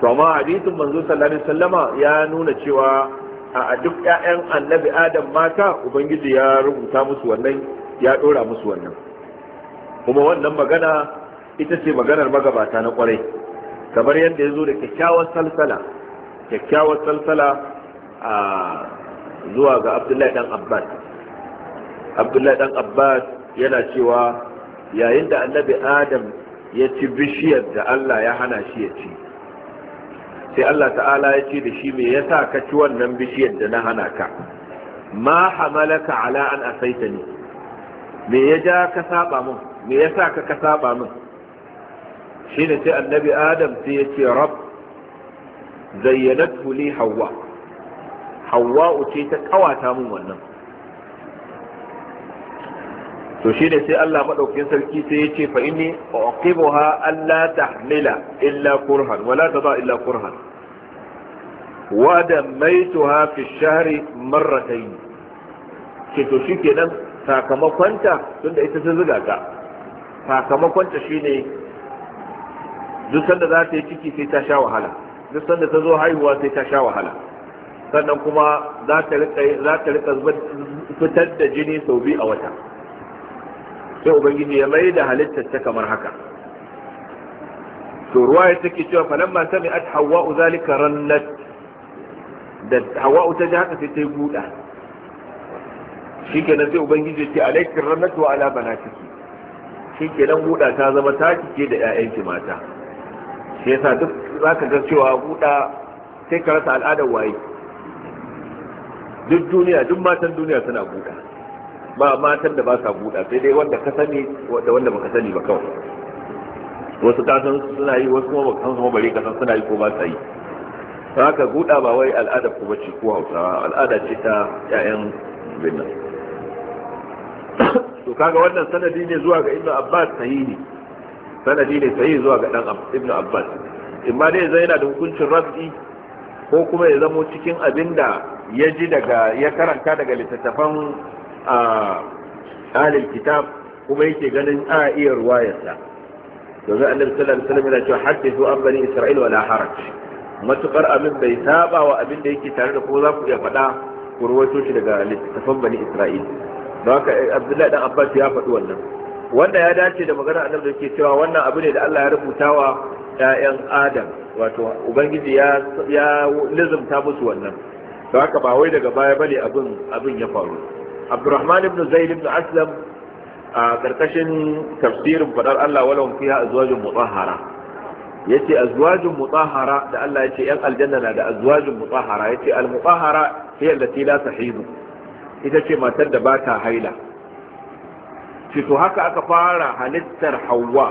to amma hadisin manzo sallallahu alaihi wasallama ya nuna cewa a duk ƴaƴan annabi adam mata ubangiji ya rubuta musu wannan ya dora musu wannan kuma wannan magana ita ce maganar magabata na kwarai kamar yadda ya zo da kyakkyawar salsala kyakkyawar salsala a zuwa ga abdullahi dan abbas abdullahi dan abbas yana cewa yayin da annabi adam ya ci bishiyar da Allah ya hana shi ya ci sai Allah ta'ala ya ce da shi me sa ka ci wannan bishiyar da na hana ka ma hamalaka ala an asaita ne. me ya ja ka saba min me sa ka ka saba min shine sai annabi adam sai ya ce rab zayyanatu li hawa hawa ce ta kawata min wannan to shi ne sai Allah maɗaukin sarki sai ya ce fa inni uqibuha alla tahmila illa kurhan wala tada illa kurhan wa dammaituha fi shahri marratayn ke to shi kenan sakamakonta tunda ita ta zuga ka sakamakonta shine duk sanda za ta yi ciki sai ta sha wahala duk sanda ta zo haihuwa sai ta sha wahala sannan kuma za ta rika zubar fitar da jini sau biyu a wata sai ubangiji ya mai da halittar ta kamar haka to ruwa ya take cewa falamma sami'at hawa'u zalika rannat da hawa'u ta ji haka sai ta yi shikenan sai ubangiji ya ce alaikin rannat wa ala banatiki shikenan buɗa ta zama ta kike da ƴaƴanki mata sai yasa duk zaka ga cewa buɗa sai ka rasa al'adar waye duk duniya duk matan duniya suna buɗa. ba matan da ba sa buɗa sai dai wanda ka sani da wanda baka sani ba kawai wasu ka san suna yi wasu kuma san kuma bare ka san suna yi ko ba sa yi haka buɗa ba wai al'ada ko bace ko hausawa al'ada ce ta ƴaƴan binna. to kaga wannan sanadi ne zuwa ga ibnu abbas sahihi sanadi ne sahihi zuwa ga dan ibnu abbas ma dai zai yana da hukuncin rabbi ko kuma ya zamo cikin abinda ya ji daga ya karanta daga littattafan a alil kitab kuma yake ganin a iya ruwayarsa domin annabi sallallahu alaihi wasallam yana cewa hadithu an bani isra'il wala haraj matukar abin bai saba wa abin da yake tare da ko za ku iya faɗa ku rawaito shi daga littafan bani isra'il don haka eh, abdullahi dan abbas ya faɗi wannan wanda ya dace da magana annabi da ke cewa wannan abu ne da Allah ya rubuta wa ƴaƴan adam wato ubangiji ya ya lizumta musu wannan don haka ba wai daga baya bane abin abin ya faru abdurrahman ibn zaid ibn aslam a karkashin tafsirin fadar Allah walahum fiha azwajun mutahhara yace azwajun mutahhara da Allah yace yan aljanna na da azwajun mutahhara yace al mutahhara hiya allati la tahidu ita ce matar da ba ta haila ce to haka aka fara halittar Hauwa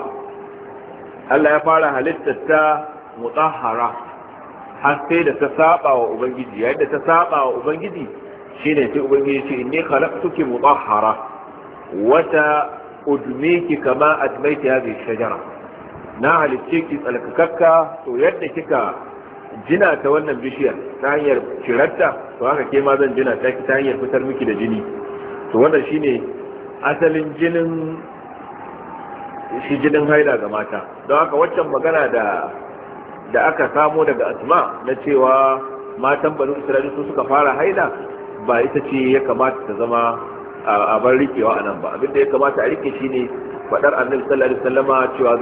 Allah ya fara halittar ta mutahhara har sai da ta saba wa ubangiji yayin da ta saba wa ubangiji shine sai ubangiji ce inni khalaqtuki mudahhara wata udmiki kama admaiti hadhihi shajara na halicce ki tsalkakakka to yadda kika jina ta wannan bishiyar ta hanyar cirarta to haka ke ma zan jina ta ki ta hanyar fitar miki da jini to wannan ne asalin jinin shi jinin haila ga mata don haka waccan magana da da aka samo daga asma na cewa matan banu isra'ila su suka fara haila ba ita ce ya kamata ta zama a bar rikewa a nan ba abinda ya kamata a rike shi shine fadar annabi sallallahu alaihi wasallama cewa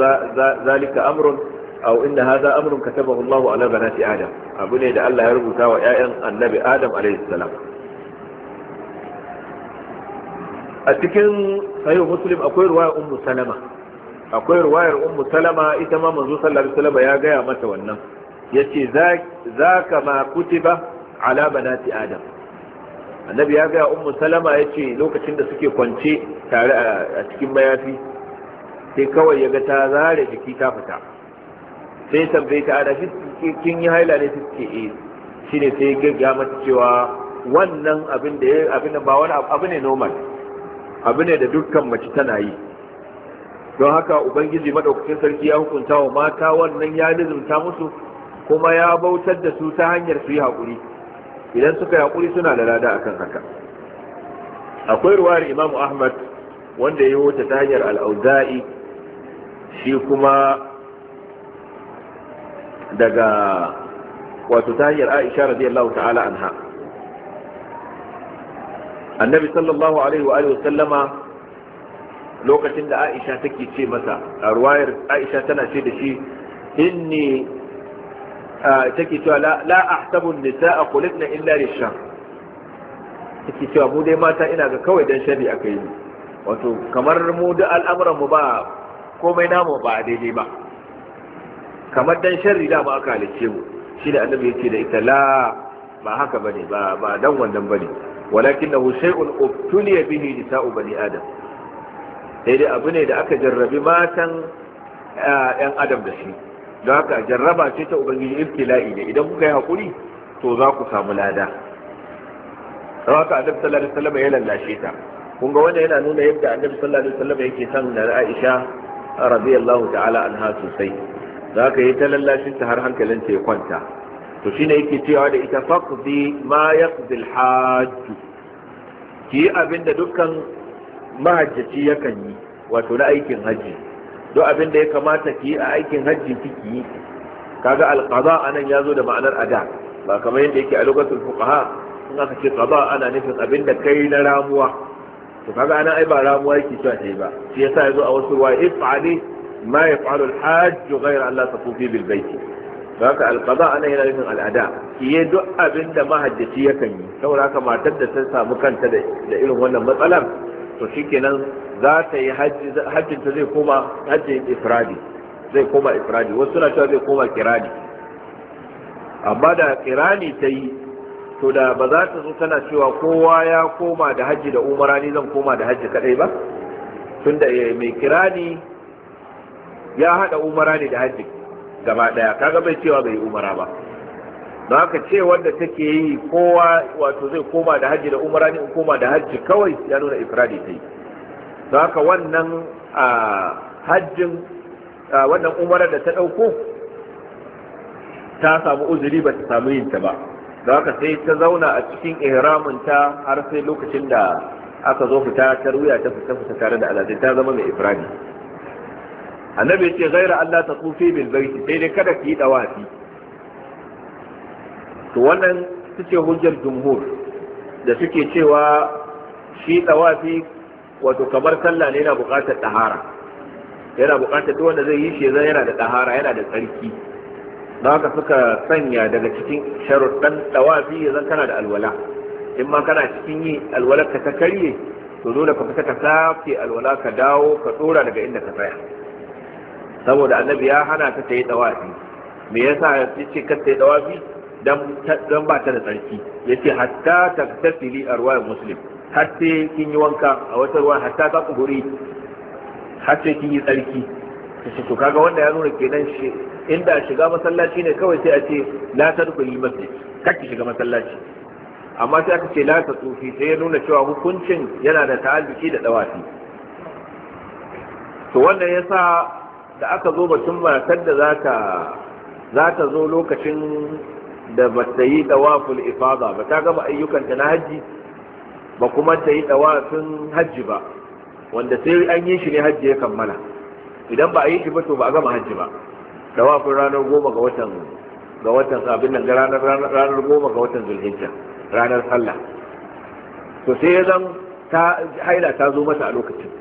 zalika amrun aw inna hadha amrun katabahu Allahu ala banati adam abu ne da Allah ya rubuta wa ƴaƴan annabi adam alaihi salam a cikin sahih muslim akwai ruwayar ummu salama akwai ruwayar ummu salama ita ma manzo sallallahu alaihi wasallama ya gaya mata wannan yace zaka ma kutiba ala banati adam annabi ya gaya ummu salama ya ce lokacin da suke kwance tare a cikin bayafi, sai kawai ya ga ta zare jiki ta fita sai tambaye ta ana kin yi haila ne suke e eh. shi ne sai ga mata cewa wannan abin da abin ba wani abu ne normal abu ne da dukkan mace tana yi don haka ubangiji madaukakin sarki ya hukunta wa mata wannan ya nizumta musu kuma ya bautar da su ta hanyar su yi haƙuri idan suka yi hakuri suna da rada akan haka akwai ruwayar imamu ahmad wanda ya wuce ta hanyar al'auza'i shi kuma daga wato ta hanyar aisha radiyallahu ta'ala anha annabi sallallahu alaihi wa alihi sallama lokacin da aisha take ce masa a ruwayar aisha tana ce da shi inni take cewa la a kulit na illa lisham take cewa mu dai mata ina ga kawai dan shari aka yi wato kamar mu da al'amuran mu ba komai namu ba daidai ba kamar dan shari da ba aka halice mu shi da annabi yake da ita la ba haka bane ba ba dan wannan bane walakinahu shay'un ubtuliya bihi nisa'u bani adam sai abu ne da aka jarrabi matan 'yan adam da shi don haka jarraba ce ta ubangiji ibtila'i ne idan kuka yi hakuri to za ku samu lada don haka annabi sallallahu alaihi wasallam ya lallashe ta kun ga wanda yana nuna yadda annabi sallallahu alaihi wasallam yake son da Aisha radiyallahu ta'ala anha sosai don haka yi ta lallashe ta har hankalin ta ya kwanta to shine yake cewa da ita faqdi ma yaqdi al-hajj ki abinda dukkan mahajjaci yakan yi wato na aikin hajji duk abin da ya kamata ki yi a aikin hajji kiki yi kaga nan ya yazo da ma'anar ada ba kamar yadda yake a lokacin fuqaha in aka ce qada ana nufin abin da kai na ramuwa to kaga anan ai ba ramuwa yake cewa sai ba shi yasa yazo a wasu wa if'ali ma yaf'alu al-hajj ghayra an la bil bayt haka alqada anan yana nufin al'ada kiye duk abin da mahajjaci yakan yi saboda haka matar da ta samu kanta da irin wannan matsalar to shikenan za ta yi hajji ta zai koma hajji ifradi zai koma ifradi wasu suna cewa zai koma kirani amma da kirani ta yi to da ba za ta zo tana cewa kowa ya koma da hajji da umara ni zan koma da hajji kadai ba tunda eh, mai kirani ya hada umara ne da hajji gaba daya kaga bai cewa bai umara ba da haka ce wanda take yi kowa wato zai koma da hajji da umara ne in koma da hajji kawai ya nuna ifradi ta yi da haka wannan hajjin wannan umara da ta ɗauko ta samu uzuri ba ta samu yin ta ba da haka sai ta zauna a cikin ihraminta har sai lokacin da aka zo fita ta ruya ta fita fita tare da alazai ta zama mai ifradi annabi ya ce gaira Allah ta tsufi bil baiti sai dai kada ka yi dawafi to wannan suke hujjar jumhur da suke cewa shi tsawafi wato kamar sallah ne yana buƙatar tahara yana buƙatar duk wanda zai yi shi zai yana da tahara yana da tsarki don haka suka sanya daga cikin sharuɗan ɗawafi ya zan kana da alwala in ma kana cikin yi alwala ka ta karye to nuna ka fita ka safe alwala ka dawo ka tsora daga inda ka tsaya saboda annabi ya hana ka ta yi tsawafi, me yasa ya ce ka ta yi tsawafi? dan ba ta da tsarki yace hatta taktasili arwa muslim har sai kin yi wanka a wata ruwa hatta ka kuburi har sai kin yi tsarki kace to kaga wanda ya nuna kenan shi inda shiga masallaci ne kawai sai a ce la tadkhuli masjid kake shiga masallaci amma sai aka ce la ta tsufi sai ya nuna cewa hukuncin yana da ta'alluki da dawafi to wannan yasa da aka zo batun matar da za ta zo lokacin da ba ta yi tawaful ifada ba ta gama ayyukanta na hajji ba kuma ta yi tawafin hajji ba wanda sai an yi shi ne hajji ya kammala idan ba a yi shi ba to ba a gama hajji ba tawafin ranar goma ga watan ga watan abin nan ranar ranar goma ga watan zulhijja ranar sallah to sai ya zan ta haila ta zo mata a lokacin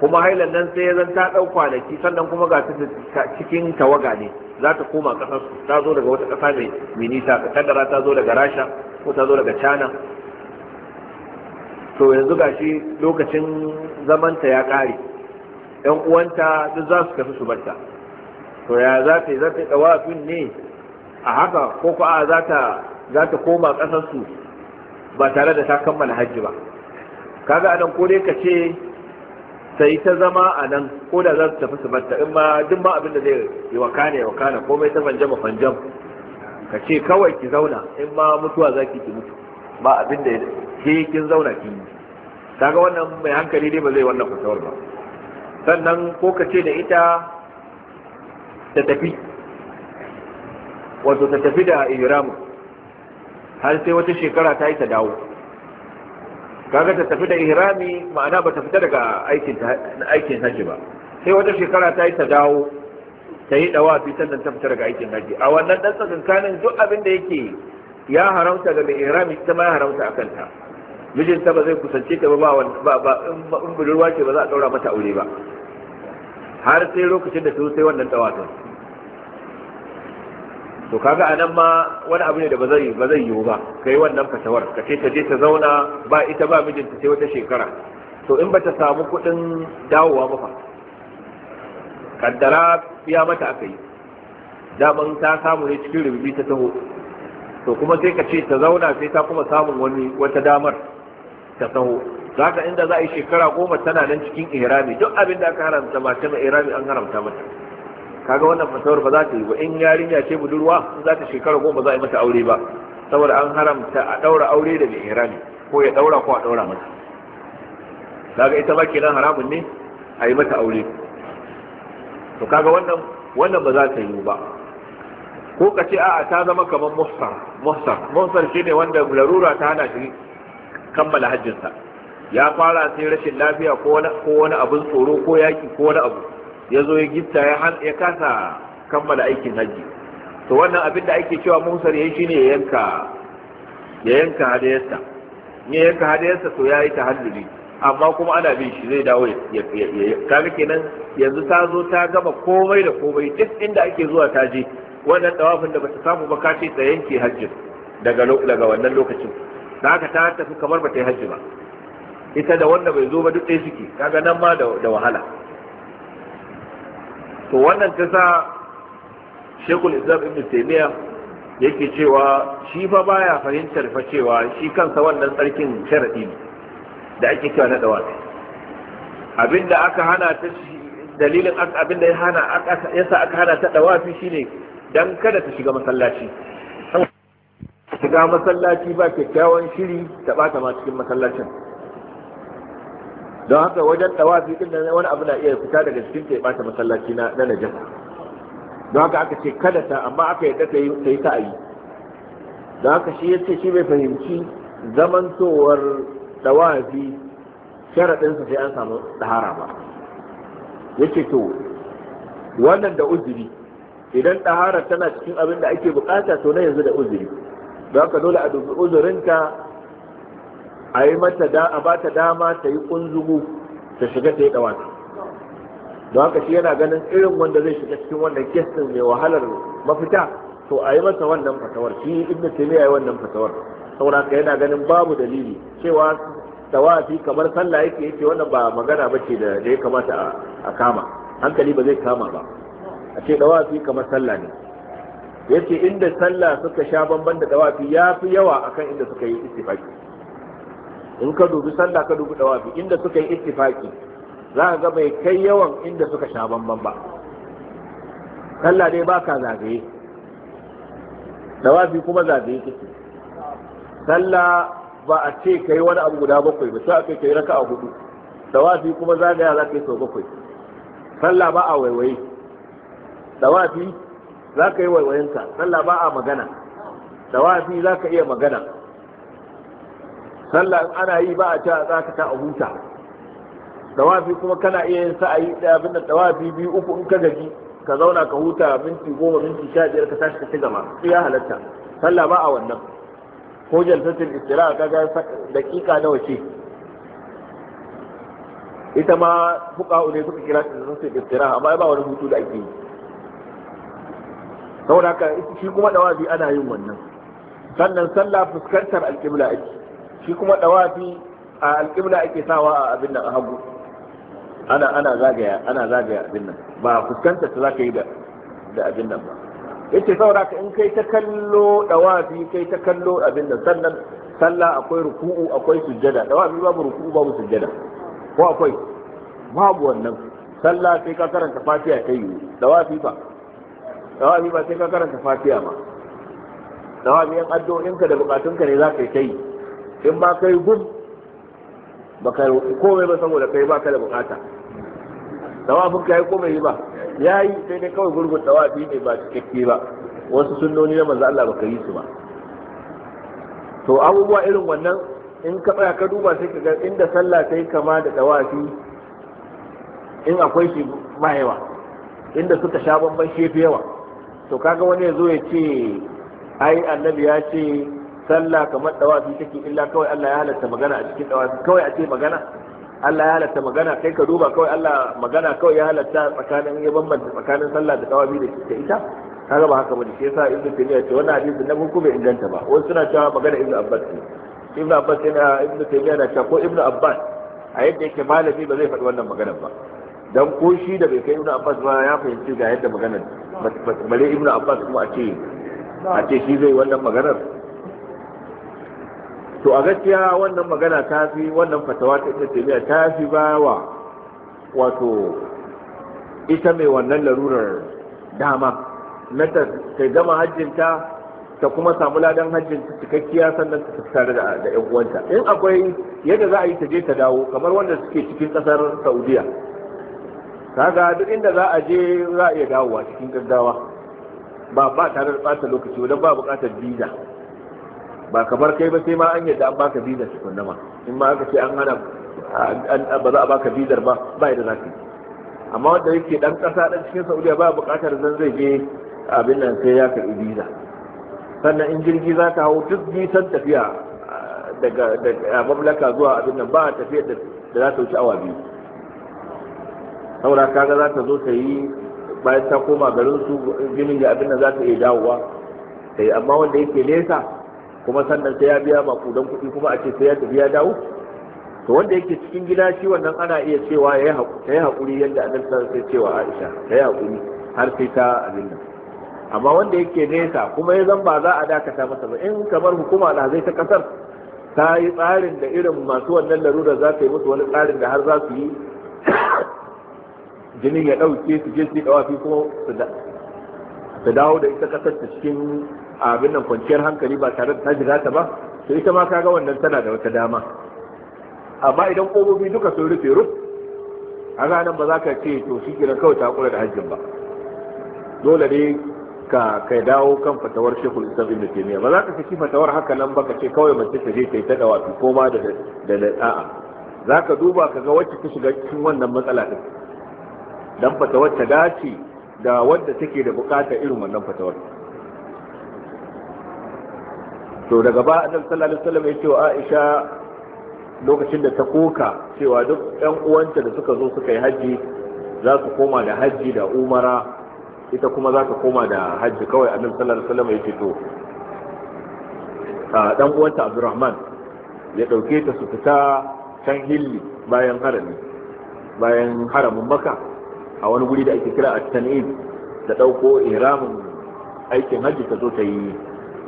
kuma hailan nan sai ya zan ta ɗau kwanaki sannan kuma ga ta cikin tawaga ne za ta koma kasar ta zo daga wata kasa mai minita kaddara ta zo daga rasha ko ta zo daga china to yanzu shi lokacin zamanta ya kare yan uwanta duk za su kasu su barta to ya za ta yi za ta yi ne a haka ko ko a za ta koma kasar su ba tare da ta kammala hajji ba kaga anan ko dai ka ce sai ta zama a nan ko da za su tafi su batta in ma duk ma abin da zai yi wakana ya wakana komai ta fanjama fanjam ka ce kawai ki zauna in ma mutuwa za ki mutu ba abin da ke kin zauna ki yi kaga wannan mai hankali dai ba zai wannan fasawar ba sannan ko ka ce da ita ta tafi wato ta tafi da Iyuramu. har sai wata shekara ta yi ta dawo kaga ta tafi da ihrami ma'ana ba ta fita daga aikin hajji ba sai wata shekara ta yi ta dawo ta yi dawa fi sannan ta fita daga aikin hajji a wannan dan tsakankanin duk abin da yake ya haramta ga mai ihrami ta ma ya haramta a kanta mijinta ba zai kusance ta ba ba ba in budurwa ce ba za a daura mata aure ba har sai lokacin da ta sai wannan dawatin to kaga anan ma wani abu ne da ba zai ba zai yiwu ba kai wannan fatawar ka ce ta je ta zauna ba ita ba mijinta sai wata shekara to in ba ta samu kuɗin dawowa fa. kaddara ya mata aka yi daman ta samu ne cikin rubi ta taho to kuma sai ka ce ta zauna sai ta kuma samun wani wata damar ta taho zaka inda za a yi shekara goma tana nan cikin ihrami duk abin da aka haramta mace mai ihrami an haramta mata kaga wannan fasawar ba za ta yi ba in yarinya ce budurwa in za ta shekara goma za a yi mata aure ba saboda an haramta a daura aure da mai ihrami ko ya daura ko a daura mata kaga ita ba kenan haramun ne a yi mata aure to kaga wannan wannan ba za ta yi ba ko ka ce a'a ta zama kamar muhsar muhsar muhsar shine wanda larura ta hana shi kammala hajjinsa ya fara sai rashin lafiya ko wani abin tsoro ko yaki ko wani abu ya zo ya gifta ya kasa kammala aikin hajji to wannan abin da ake cewa musar ya shi ne ya yanka hadayarsa ya yanka hadayarsa to ya yi ta halluli amma kuma ana bin shi zai dawo ya kaga kenan yanzu ta zo ta gama komai da komai duk inda ake zuwa ta je wannan dawafin da bata samu ba ka ce ta yanke hajjin daga daga wannan lokacin da haka ta tafi kamar bata yi hajji ba ita da wanda bai zo ba duk ɗaya suke kaga nan ma da wahala to wannan ta sa shekul islam ibn taimiyya yake cewa shi fa baya fahimtar fa cewa shi kansa wannan tsarkin sharadi da ake cewa na dawafi abinda aka hana ta dalilin abinda ya hana yasa aka hana ta dawafi shine dan kada ta shiga masallaci shiga masallaci ba kyakkyawan shiri ta bata ma cikin masallacin don haka wajen tawafi din nan wani abu na iya fita daga cikin ta ya ɓata masallaci na na najasa don haka aka ce kada ta amma aka yadda ta yi ta yi don haka shi yace shi bai fahimci zamantowar tawafi sharadin sa sai an samu ɗahara ba yace to wannan da uzuri idan tahara tana cikin abin da ake bukata to na yanzu da uzuri don haka dole a dubi uzurinka a yi mata da a ba ta dama ta yi kunzugu ta shiga ta yi dawata don haka shi yana ganin irin wanda zai shiga cikin wannan kestin mai wahalar mafita to a yi masa wannan fatawar shi ibn taymiya yi wannan fatawar saboda ka yana ganin babu dalili cewa tawafi kamar sallah yake yake wannan ba magana ba ce da ya kamata a kama hankali ba zai kama ba a ce dawafi kamar sallah ne yace inda sallah suka sha bamban da dawafi fi yawa akan inda suka yi istifaki in ka dubi sallah ka dubi dawafi inda suka yi ittifaki za ka ga bai kai yawan inda suka sha bamban ba sallah dai baka zagaye dawafi kuma zagaye kike sallah ba a ce kai wani abu guda bakwai ba sai a kai kai raka'a hudu dawafi kuma zagaya za ka yi sau bakwai sallah ba a waiwaye dawafi za ka yi waiwayenka sallah ba a magana dawafi za ka iya magana sallah ana yi ba a ci a tsakata a huta tawafi kuma kana iya yin sa'ayi da abin da tawafi biyu uku in ka gaji ka zauna ka huta minti goma minti sha biyar ka tashi ka ci gaba su ya halatta sallah ba a wannan ko jalsatul istira'a kaga dakika nawa ce ita ma fuka ne suka kira jalsatul istira'a amma ba wani hutu da ake yi saboda haka shi kuma dawafi ana yin wannan sannan sallah fuskantar alƙibla ake shi kuma dawafi a alƙibla ake sawa a abin nan a hagu ana ana zagaya ana zagaya abin nan ba fuskanta ta zaka yi da da abin nan ba yace saboda ka in kai ta kallo dawafi kai ta kallo abin nan sannan sallah akwai ruku'u akwai sujjada dawafi babu ruku'u babu sujjada ko akwai babu wannan sallah sai ka karanta fatiha kai yi dawafi ba dawafi ba sai ka karanta fatiha ba dawafi yan addu'o'inka da bukatunka ne zaka yi kai in ba kai gum ba kai komai ba saboda kai ba ka da bukata tawafin kai komai yi ba ya yi sai dai kawai gurgun tawafi ne ba cikakke ba wasu sunnoni na manzo Allah baka yi su ba to abubuwa irin wannan in ka tsaya ka duba sai ka ga inda sallah ta kama da tawafi in akwai shi ba yawa inda suka sha bamban shefi yawa to kaga wani ya zo ya ce ai annabi ya ce sallah kamar dawafi take illa kawai Allah ya halatta magana a cikin dawafi kawai a ce magana Allah ya halatta magana kai ka duba kawai Allah magana kawai ya halatta tsakanin ya bambanta tsakanin sallah da dawafi da ke ita Ka kaga ba haka bane sai yasa ibnu taymiya ce wannan hadisin na hukum bai inganta ba wasu suna cewa magana ibnu abbas ne ibnu abbas yana ibnu taymiya na cewa ko ibnu abbas a yadda yake malami ba zai faɗi wannan magana ba dan ko shi da bai kai ibnu abbas ba ya fahimci ga yadda maganar bare ibnu abbas kuma a ce a ce shi zai wannan maganar to a gaskiya wannan magana ta fi wannan fatawa ta ibn taymiya ta fi ba wa wato ita mai wannan larurar dama na ta gama hajjinta ta kuma samu ladan hajjin cikakkiya sannan ta tare da da uwanta in akwai yadda za a yi ta je ta dawo kamar wanda suke cikin kasar Saudiya kaga duk inda za a je za a iya dawowa cikin gaggawa ba ba tare da ɓata lokaci ba ba bukatar visa ba kamar kai ba sai ma an yadda an baka visa tukunna ma in ma aka ce an hana ba za a baka bizar ba ba yadda za ka yi amma wanda yake dan kasa dan cikin saudiya ba buƙatar zan zai je abin nan sai ya karɓi biza sannan in jirgi za ka hau duk bitar tafiya daga mamlaka zuwa abin nan ba tafiyar da za ta wuce awa biyu saura kaga za ta zo ta yi bayan ta koma garin su ginin da abin nan za ta iya dawowa Sai amma wanda yake nesa kuma sannan sai ya biya kudan kuɗi kuma a ce sai ya tafi dawo to wanda yake cikin gida shi wannan ana iya cewa ya yi haƙuri yadda annabi ya alaihi cewa Aisha ta yi haƙuri har sai ta abin nan amma wanda yake nesa kuma ya zan ba za a dakata masa ba in kamar hukuma da zai ta kasar ta yi tsarin da irin masu wannan larura za ta yi musu wani tsarin da har za su yi [coughs] jinin ya ɗauke su je su yi ɗawafi kuma ta dawo da ita kasar ta cikin abin nan kwanciyar hankali ba tare da ta zata ta ba to ita ma kaga wannan tana da wata dama amma idan kobobi duka sun rufe ruf a ranar ba za ka ce to shi kira kawai ta kula da hajjin ba dole ne ka kai dawo kan fatawar shekul islam ibn taymiya ba za ka saki fatawar haka nan ba ka ce kawai mace ta je ta yi ta dawa koma koma da da za ka duba ka ga wacce ta shiga cikin wannan matsala din dan fatawar ta dace da wadda take da bukata irin wannan fatawar to daga ba annabi sallallahu alaihi wasallam ya ce wa Aisha lokacin da ta koka cewa duk ɗan uwanta da suka zo suka yi haji za su koma da haji da umara ita kuma za ta koma da haji kawai annabi sallallahu alaihi wasallam ya ce to A dan uwanta Abdurrahman ya dauke ta su fita can hilli bayan harami bayan haramin Makka a wani guri da ake kira at-tan'id ta dauko ihramin aikin hajji ta zo ta yi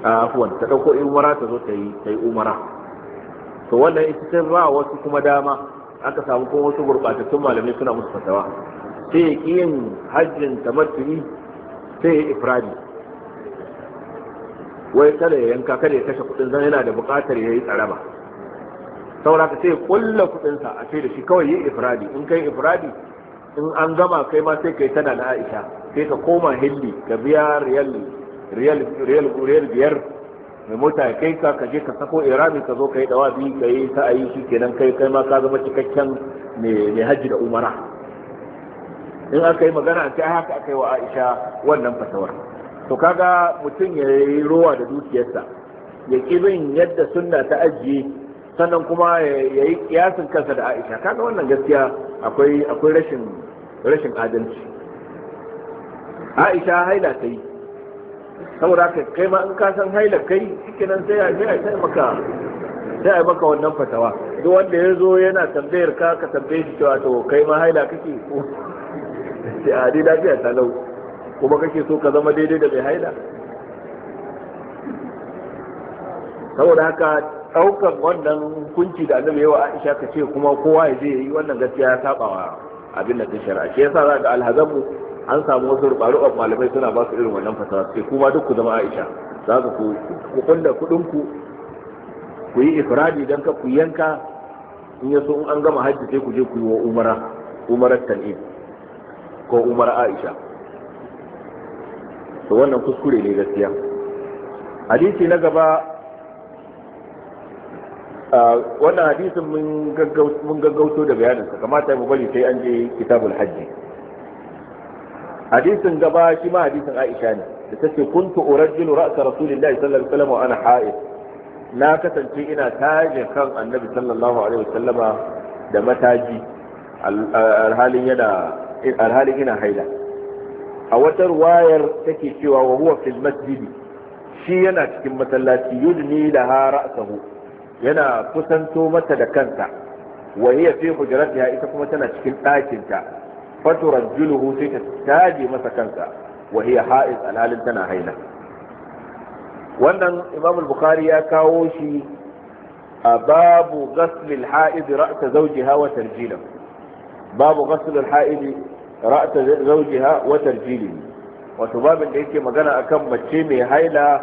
afwan ta dauko umara ta zo ta yi ta yi umara to wannan ita ta ba wasu kuma dama aka samu kuma wasu gurbatattun malamai suna musu fatawa sai ya ƙi yin hajjin tamattuni sai ya ifradi wai kada ya yanka kada ya kashe kudin zan yana da buƙatar ya yi tsaraba saboda ka sai kulla kudinsa a sai da shi kawai yi ifradi in kai ifradi in an gama kai ma sai kai tana na aisha sai ka koma hilli ka biya riyal riyal biyar mai mota ya kai ka ka je ka sako irami ka zo ka yi dawa bi ka yi ta ayi shi kenan kai kai ma ka zama cikakken mai hajji da umara in aka yi magana an haka aka yi wa aisha wannan fasawar to kaga mutum ya yi rowa da dukiyarsa ya ƙi bin yadda sunna ta ajiye sannan kuma ya yi kiyasin kansa da aisha kaga wannan gaskiya akwai akwai rashin rashin adalci aisha haila ta yi saboda haka kai ma in ka san haila kai shikenan sai a sai maka sai a maka wannan fatawa duk wanda ya zo yana tambayar ka ka tambaye shi cewa to kai ma haila kake ko [laughs] sai a dai lafiya ta lau kuma kake so ka zama daidai da mai haila saboda haka ɗaukar wannan hukunci da annabi yawa aisha ka ce kuma kowa ya zai yi wannan gaskiya ya saba wa abin da ta shari'a shi yasa za ga alhazanmu an samu wasu a malamai suna ba su irin wannan fasaha sai kuma duk ku zama aisha za ku ku kunda kuɗin ku ku yi ifradi dan ka ku yanka in ya so an gama hajji sai ku je ku yi wa umara umarar ko umar aisha to wannan kuskure ne gaskiya hadisi na gaba wannan hadisin mun gaggauto da bayaninsa kamata mu bari sai an je kitabul hajji hadisin gaba shi ma hadisin aisha ne da ta ce kuntu urajjilu ra'sa rasulillahi sallallahu alaihi wasallam wa ana ha'id na kasance ina taje kan annabi sallallahu alaihi wasallama da mataji alhalin yana alhalin ina haila a wata ruwayar take cewa wa huwa fil masjidi shi yana cikin masallaci yudni da ha ra'sahu yana kusanto mata da kansa wa hiya fi hujratiha ita kuma tana cikin ɗakin ta faturajjuluhu sai ta taje masa kansa wa hiya ha'iz alhalin tana haila wannan imam al-bukhari ya kawo shi a babu ghasl al-ha'iz ra'sa zawjiha wa tarjilahu babu ghasl al-ha'iz ra'sa zawjiha wa tarjilahu wato babin da yake magana akan mace mai haila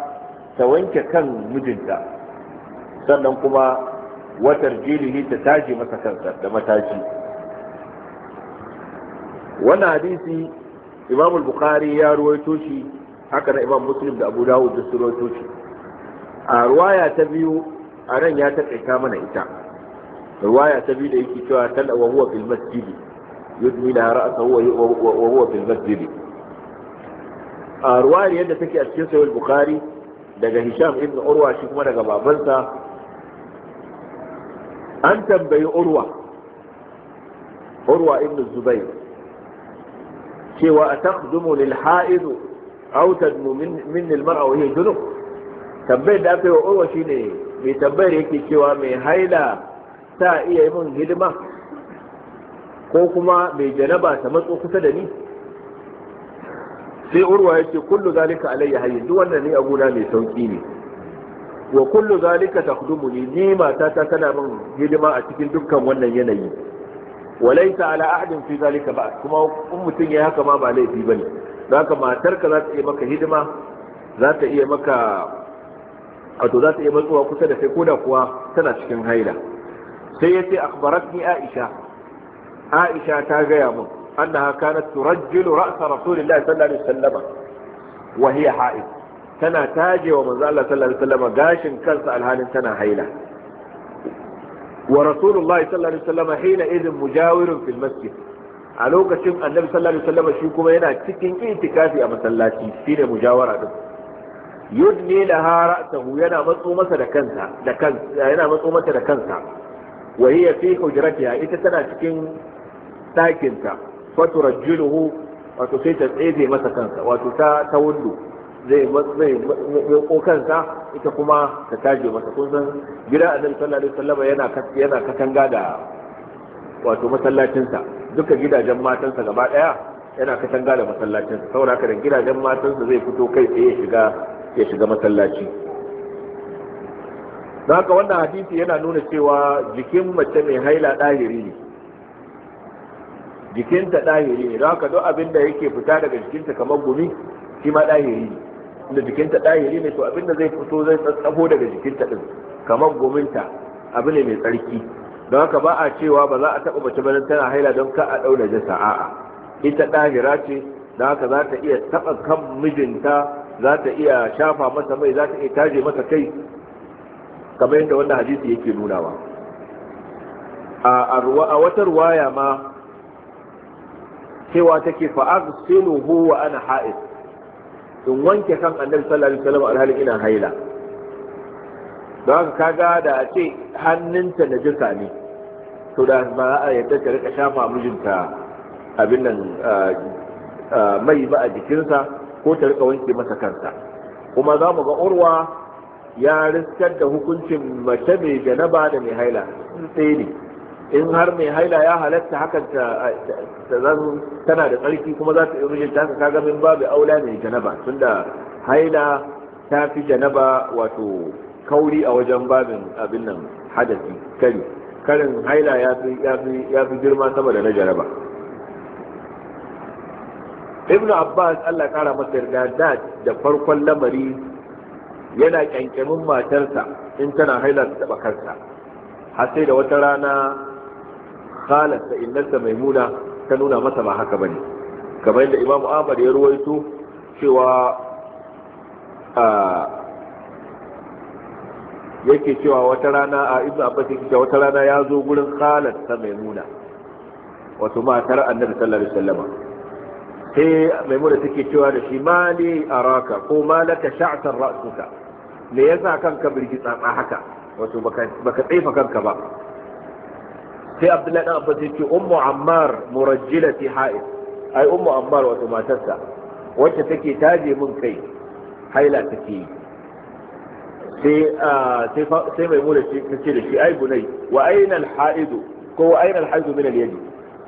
ta wanke kan mijinta sannan kuma watar jilihi ta taji masa kansa da mataki. wannan hadisi imam al-bukhari ya ruwaito shi haka na imam muslim da abu dawud da su ruwaito shi a ruwaya ta biyu a nan ya taƙaita mana ita ruwaya ta biyu da yake cewa tala wa huwa fil masjid yudmi la ra'sa huwa wa huwa fil masjid a ruwaya yadda take a cikin sahih bukhari daga hisham ibn urwa shi kuma daga babansa an tambayi urwa urwa ibn zubair cewa a takdumu lil ha'idu aw tadmu min al mar'a wa hiya junub tambayar da aka yi wa urwa shine mai tambayar yake cewa mai haila ta iya yi min hidima ko kuma mai janaba ta matso kusa da ni sai urwa ya ce kullu zalika alayya hayy duk wannan ne a gona mai sauki ne wa kullu zalika takhdumuni ni mata ta tana min hidima a cikin dukkan wannan yanayi walaita ala ahadin fi zalika ba kuma in mutum ya haka ma ba laifi bane haka matarka za ta iya maka hidima za ta iya maka wato za ta iya matsuwa kusa da kai koda kuwa tana cikin haila sai yace akhbaratni aisha aisha ta gaya min annaha kanat turajjilu ra'sa rasulillahi sallallahu alaihi wasallam wa hiya ha'id tana taje wa manzo Allah sallallahu alaihi wasallam gashin kansa alhalin tana haila wa rasulullahi sallallahu alaihi wasallam hina idin mujawirun fil masjid a lokacin annabi sallallahu alaihi wasallam shi kuma yana cikin itikafi a masallaci shine mujawara din yudni laha ra'sahu yana matso masa da kansa da kansa yana matso mata da kansa wa hiya fi hujratiha ita tana cikin ɗakinta faturajjiluhu wato sai ta tsede masa kansa wato ta ta wundo zai mai kansa ita kuma ta taje masa kun san gida annabi sallallahu alaihi wasallam yana yana katanga da wato masallacinsa duka gidajen matansa gaba daya yana katanga da masallacinsa saboda haka da gidajen matansa zai fito kai tsaye ya shiga ya shiga masallaci don haka wannan hadisi yana nuna cewa jikin mace mai haila ɗahiri ne jikinta ɗahiri ne don haka duk abin da yake fita daga jikinta kamar gumi shi ma ɗahiri ne da jikinta ɗahiri ne to abinda zai fito zai tsaho daga jikinta ɗin kamar gominta abu ne mai tsarki don haka ba a cewa ba za a taɓa mace ba tana haila don ka a ɗaura jasa a'a ita ɗahira ce don haka za ta iya taɓa kan mijinta za ta iya shafa masa mai za ta iya taje masa kai kamar yadda wannan hadisi yake nunawa a wata ruwaya ma cewa take fa'ar sinuhu wa ana ha'is in wanke kan annabi sallallahu alaihi wasallam alhali ina haila don haka kaga da a ce hannunta najasa ne to da ba a yadda ta rika shafa mijinta abin nan mai ba a jikinsa ko ta rika wanke masa kansa kuma za mu ga urwa ya riskar da hukuncin mace mai janaba da mai haila sai ne in har mai haila ya halatta hakan ta zan tana da tsarki kuma za ta yi mijin ta ka min babu aula mai janaba tunda haila ta fi janaba wato kauri a wajen babin abin nan hadasi kari karin haila ya fi girma sama da na janaba ibnu abbas allah kara masa yarda da da farkon lamari yana kyankyamin matarsa in tana haila ta taba kansa har sai da wata rana qalat ta mai muna ta nuna masa ba haka bane kamar yadda imamu ahmad ya ruwaito cewa yake cewa wata rana a ibnu abbas yake cewa wata rana ya zo gurin qalat ta mai maimuna wato matar annabi sallallahu sallama wasallam sai maimuna take cewa da shi ma ne mali araka ko malaka sha'tar ra'suka me yasa kanka birgitsa haka wato baka tsefa kanka ba sai abdullahi dan abbas yace ummu ammar murajjilati ha'id ai ummu ammar wato matarsa wacce take taje mun kai haila take yi sai sai mai mura ta ce da shi ai bunai wa aina al-ha'id ko wa aina al-ha'id min al-yad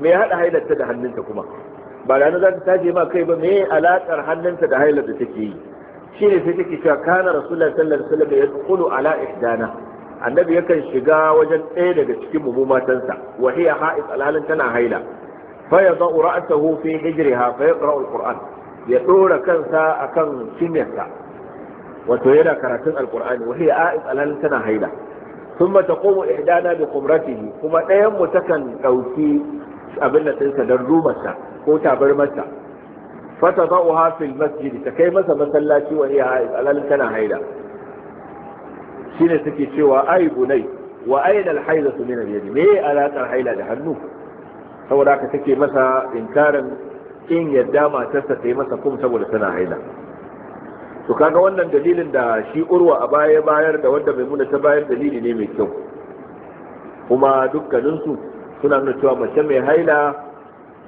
me ya hada hailar ta da hannunta kuma ba da za ta taje ma kai ba me alakar hannunta da hailar da take yi shine sai take cewa kana rasulullahi sallallahu alaihi wasallam yadkhulu ala ihdana annabi yakan shiga wajen ɗaya daga cikin mu matansa wa hiya ha'id alhalin tana haila fa ya za'u ra'sahu fi hijriha fa yaqra alquran ya dora kansa akan cinyarsa wato yana karatun alqur'ani wa hiya ha'id alhalin tana haila thumma taqumu ihdana bi qumratihi kuma ɗayan mu takan dauki abin da tsinsa dan rumarsa ko tabarmarsa fata za'uha fil masjid ta kai masa masallaci wa hiya ha'id alhalin tana haila shine take cewa ai bunai wa aina alhaidatu min al-yadi me alaƙar haila da hannu saboda haka take masa inkarin in yadda matarsa ta yi masa kuma saboda tana haila to kaga wannan dalilin da shi urwa a baya bayar da wanda maimuna ta bayar dalili ne mai kyau kuma dukkaninsu suna nuna cewa mace mai haila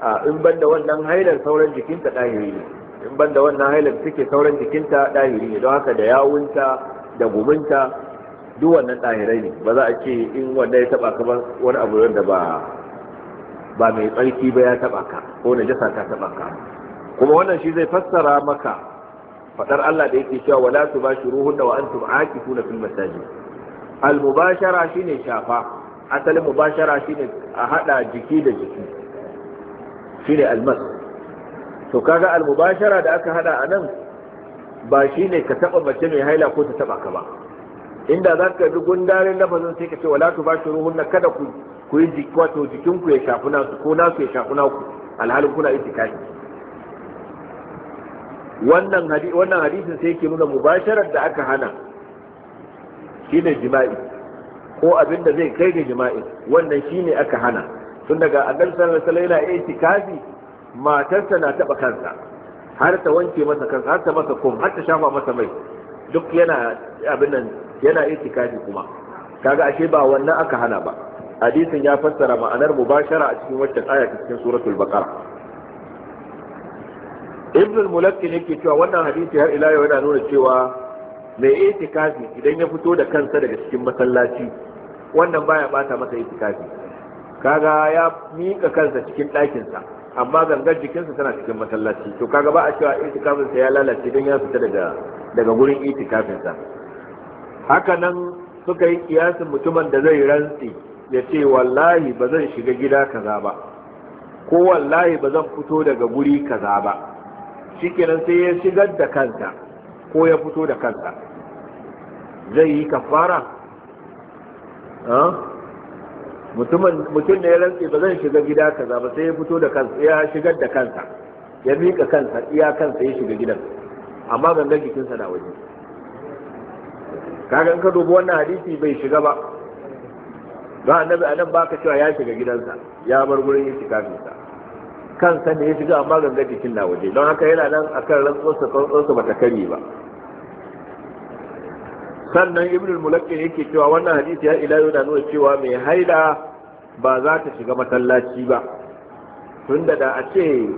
a in banda wannan hailar sauran jikinta ɗahiri ne in banda wannan hailar take sauran jikinta ɗahiri ne don haka da yawunta da guminta duk wannan ɗahirai ne ba za a ce in wanda ya taɓa ka ba wani abu wanda ba ba mai tsarki ba ya taɓa ka ko jasa ka taɓa ka kuma wannan shi zai fassara maka faɗar Allah da yake cewa wala su bashi ruhun da tubashiruhunna wa antum suna fil masajid al mubashara shi ne shafa asalin mubashara shi ne a haɗa jiki da jiki shi ne almas. to kaga al mubashara da aka hada anan ba shi ne ka taɓa mace mai haila ko ta taɓa ka ba inda za ka bi gundarin lafazin sai ka ce wala tu bashiru hunna kada ku ku yi jiki wato jikin ku ya shafi nasu ko nasu ya shafi naku alhalin kuna itikafi wannan hadisi wannan hadisin sai yake nuna mubasharar da aka hana shine jima'i ko abin da zai kai ga jima'i wannan shine aka hana tun daga annabi sallallahu alaihi wasallam yana itikafi matarsa na taba kansa har ta wanke masa kansa har ta masa kum har ta shafa masa mai duk yana abin nan yana tikafi kuma kaga ashe ba wannan aka hana ba hadisin ya fassara ma'anar mubashara a cikin wacce aya cikin suratul baqara ibn al-mulakkin yake cewa wannan hadisi har ila yau yana nuna cewa mai itikafi idan ya fito da kansa daga cikin masallaci wannan baya bata masa itikafi kaga ya mika kansa cikin ɗakinsa amma gangar jikinsa tana cikin masallaci to kaga ba a cewa itikafin sa ya lalace don ya fita daga daga gurin itikafin sa haka nan suka yi kiyasin mutumin da zai rantsi ya ce wallahi ba zan shiga gida kaza ba ko wallahi ba zan fito daga guri kaza ba shikenan sai ya shigar da kanta, ko ya fito da kanta, zai yi kafara mutum ne ya rantsi ba zan shiga gida kaza ba sai ya fito da kansa ya shigar da kansa ya miƙa kansa iya kansa ya shiga gidan amma gangan jikinsa na waje kaga in ka dubi wannan hadisi bai shiga ba don annabi anan baka cewa ya shiga gidansa ya bar gurin yin tikafinsa Kan ne ya shiga amma ganga jikin na waje don haka yana nan akan rantsuwarsa tsantsuwarsa bata kare ba sannan ibnul mulakkin yake cewa wannan hadisi ya ila yana nuna cewa mai haila ba za ta shiga masallaci ba tunda da a ce